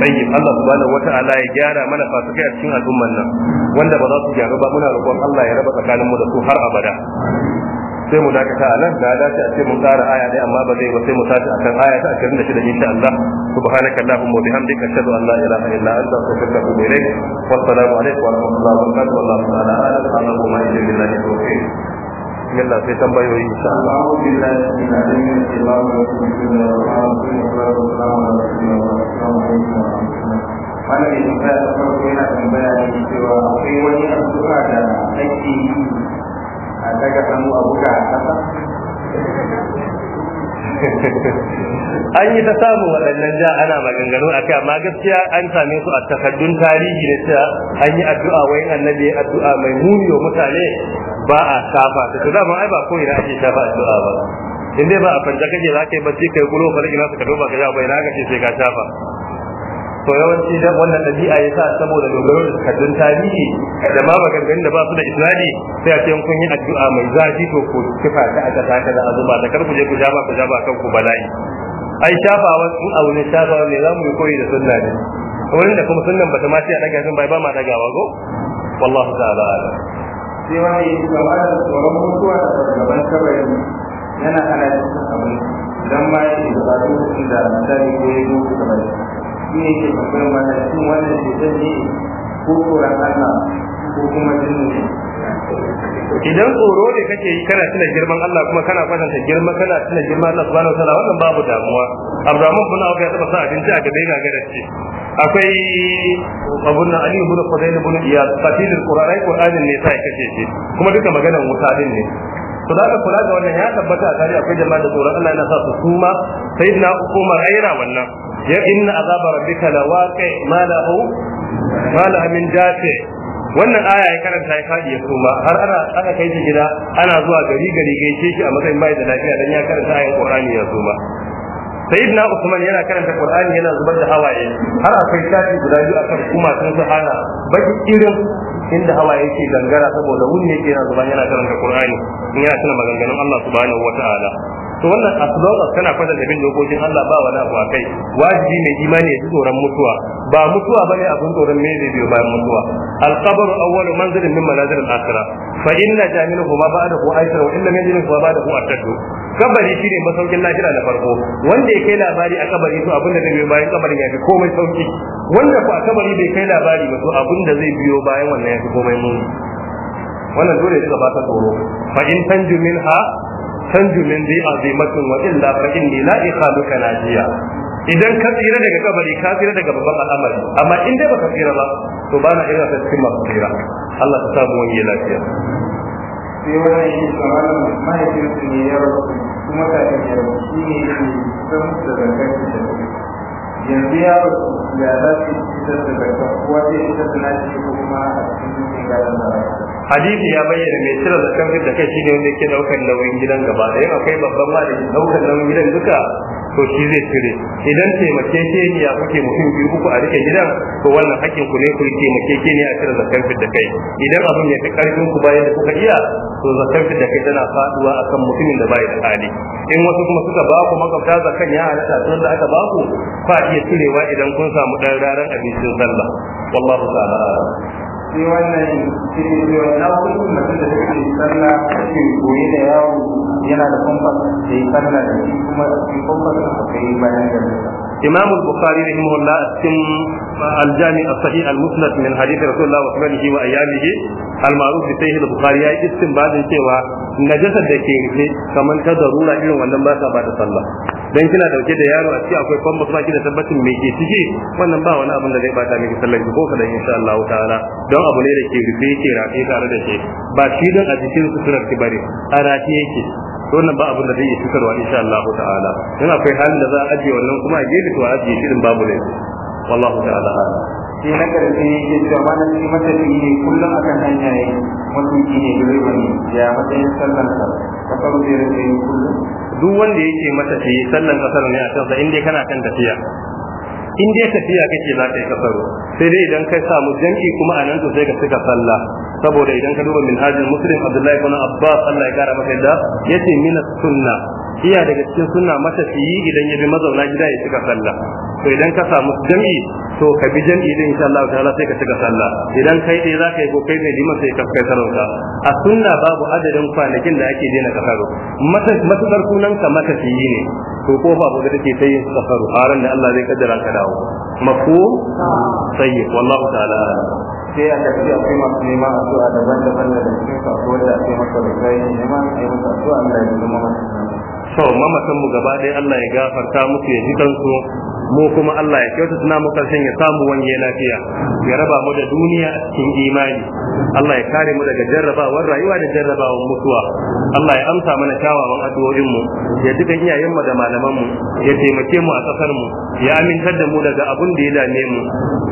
tayyib Allah subhanahu wata'ala ya gyara mana fasikai a cikin al'umman nan wanda ba za su gyaru ba muna roƙon Allah ya raba tsakanin mu da su har abada sai mu dakata a nan da dace a ce mun tsara aya dai amma ba zai ba sai mu tashi kan aya ta 26 insha Allah subhanaka allahumma wa bihamdika ashhadu an la ilaha illa anta astaghfiruka wa atubu ilayk wa assalamu alaikum wa rahmatullahi wa barakatuh wallahu ta'ala a'lam wa ma billahi tawfiq yalla sai tambayoyi insha Allah billahi min al-rahmanir rahim an yi ta samun waɗannan ja ana maganganu a kai amma gaskiya an same su a takardun tarihi da cewa an yi addu'a wai annabi addu'a mai muni wa mutane ba a shafa ta da ai ba ko ina ake shafa addu'a ba in dai ba a fanta kake za ka yi bacci kai kulo fa ina suka doba ka ja bai na ka ce sai ka shafa to yawanci dan wannan dabi'a ya sa saboda dogaro da takardun tarihi da ma gangan da ba su da islami sai a ce kun yi addu'a mai zafi to ko kifa ta aka ta kaza azuba da kar ku je ku jaba ku jaba kan ku bala'i ai shafawa in a wani shafawa ne za mu yi koyi da sunna ne wurin da kuma sunnan ba ta ma ce a daga sun bai ba ma dagawa go wallahu ta'ala ala sai wani yi gaba da tsoron mutuwa da gaban kabari yana ana cikin abin dan ma yi da ba da misali ko ya zo kabari shi ne ke tambayar mana shi wannan shekar ne ko tsoron Allah ko kuma jinnu ne idan tsoro ne kake yi kana tuna girman Allah kuma kana kwatanta girma kana tuna girman Allah subhanahu wataala wannan babu damuwa Abdurrahman bin Auf ya taba sa abinci a gaba yana garace akwai abun nan Ali ibn Fudayl ibn Iyad fatilul Qur'an ai Qur'anin ne sai kace shi kuma duka maganar wuta din ne to da kula da wannan ya tabbata a tsari akwai jama'a da tsoron Allah yana sa su suma sayyidina hukumar aira wannan ya inna azaba rabbika waqi ma lahu ma la min wannan aya ya karanta ya fadi ya suma har ana aka kai shi gida ana zuwa gari gari gaishe shi a matsayin bai da lafiya dan ya karanta ayan Qur'ani ya suma sayyidina Usman yana karanta Qur'ani yana zubar da hawaye har akwai shafi guda biyu akan kuma sun hana baki irin inda hawa yake gangara saboda wuni yake yana zuba yana karanta Qur'ani in yana tana maganganun Allah subhanahu wataala to wannan asbaga tana fada da bin dokokin Allah ba wani abu akai wajibi mai imani ya ji tsoron mutuwa ba mutuwa bane abun tsoron me zai biyo bayan mutuwa al-qabr awwalu manzilin min manazil al-akhirah fa inna jamiluhu ma hu aysar wa illa min jamiluhu ma hu atadu kabari shine masaukin lahira na farko wanda ya kai labari a kabari to abin da zai biyo bayan kabarin ya fi komai sauki wanda ko a kabari bai kai labari ba to abin da zai biyo bayan wannan ya fi komai muni wannan dole ya ta tsoro fa in tanju minha tanju min bi azimatin wa illa fa inni la ikhaluka najiya idan ka tsira daga kabari ka tsira daga babban al'amari amma in dai baka tsira ba to ba na irin cikin masu tsira Allah ta samu wani lafiya sai wannan shi tsaron mahaifinsu ne ya rasu kuma kafin ya rasu shi ne ya san da zakar da yanzu ya rasu ya za su fitar da zakar kuwa zai fitar da nashi ko kuma a cikin dukkan gadon da hadisi ya bayyana mai cire zakan fit da kai shine wanda yake daukar nauyin gidan gaba da yawa kai babban da daukar nauyin gidan duka to shi zai cire idan ya kuke mutum biyu uku a rike gidan to wannan hakkin ku ne ku ne a cire zakan fit da kai idan abin ya fi karfin ku bayan da kuka iya to zakan fit da kai tana faduwa akan mutumin da bai da hali in wasu kuma suka ba ku makwabta zakan ya halata to da aka ba ku fa iya cirewa idan kun samu dan raran abincin sallah wallahu ta'ala sai wannan shi ne cewa na kullum mutum da take sallah shi koyi da yawo yana da kumfa da yi sallah da shi kuma shi kumfa da aka yi bayan da إمام البخاري رحمه الله اسم الجامع الصحيح المسند من حديث رسول الله صلى الله عليه وأيامه المعروف بسيه البخاري اسم بعد cewa najasar da ke rufe kamar ta darura irin wannan ba sa dan kina dauke da yaro a ciki akwai kwamba kuma kina tabbacin me ke ciki wannan ba wani abin da zai bata miki sallar ki ko kada insha Allah ta'ala don abu ne da ke rufe yake rafe tare da shi ba shi don a cikin suturar ki bare a rafe yake to wannan ba abin da zai yi cutarwa insha Allah ta'ala in akwai halin da za a ajiye wannan kuma a gefe to a ajiye shirin babu ne wallahu ta'ala ala shi na karfe yake cewa malam shi matafi ne kullum a kan hanya ne mutunci ne direba ne ya matsayin sallar sa ka faru da kullum duk wanda yake matafi sallan kasar ne a sa, inda kana kan tafiya in dai tafiya kake za ka yi kasaro sai dai idan kai samu jam'i kuma a nan to sai ka saka sallah saboda idan ka duba min hajjin muslim abdullahi ibn abbas Allah ya kara masa da yace min sunna iya daga cikin sunna matafiyi idan ya bi mazauna gida ya cika sallah to idan ka samu jami'i to ka bi jami'i din insha Allah ta'ala sai ka cika sallah idan kai dai za ka yi ko kai ne dima sai ka kai sarauta a sunna babu adadin kwanakin da ake daina mata matukar sunan ka matafiyi ne to ko babu da take sai kasaro haran da Allah zai kaddara ka dawo mako sayyid wallahu ta'ala sai a tafi a kai masu nema addu'a daban-daban da cikin kasuwar da ake masa da kai neman a yi masa addu'a Allah ya zama masa to mamatan mu gaba ɗaya Allah ya gafarta musu ya ji kansu mu kuma Allah ya kyautata namu karshen ya samu ya lafiya ya raba mu da duniya cikin imani Allah ya kare mu daga jarrabawar rayuwa da jarrabawar mutuwa Allah ya amsa mana kyawawan addu'o'in mu ya dukan iyayen mu da malaman mu ya taimake mu a kasar mu ya amintar da mu daga abun da ya dame mu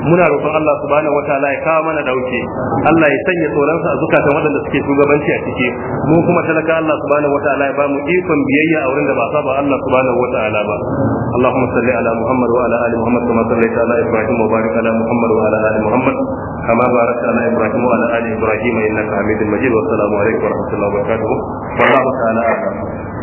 muna roƙon Allah subhanahu wataala ya kawo mana dauke Allah ya sanya tsoronsa a zukatan waɗanda suke shugabanci a ciki mu kuma talaka Allah subhanahu wataala ya ba mu ikon biyayya a wurin da ba saba Allah subhanahu wataala ba Allahumma salli ala Muhammad وعلى ال محمد كما صليت على ابراهيم وبارك على محمد وعلى ال محمد كما باركت على ابراهيم وعلى ال ابراهيم انك حميد مجيد والسلام عليكم ورحمه الله وبركاته والله تعالى اعلم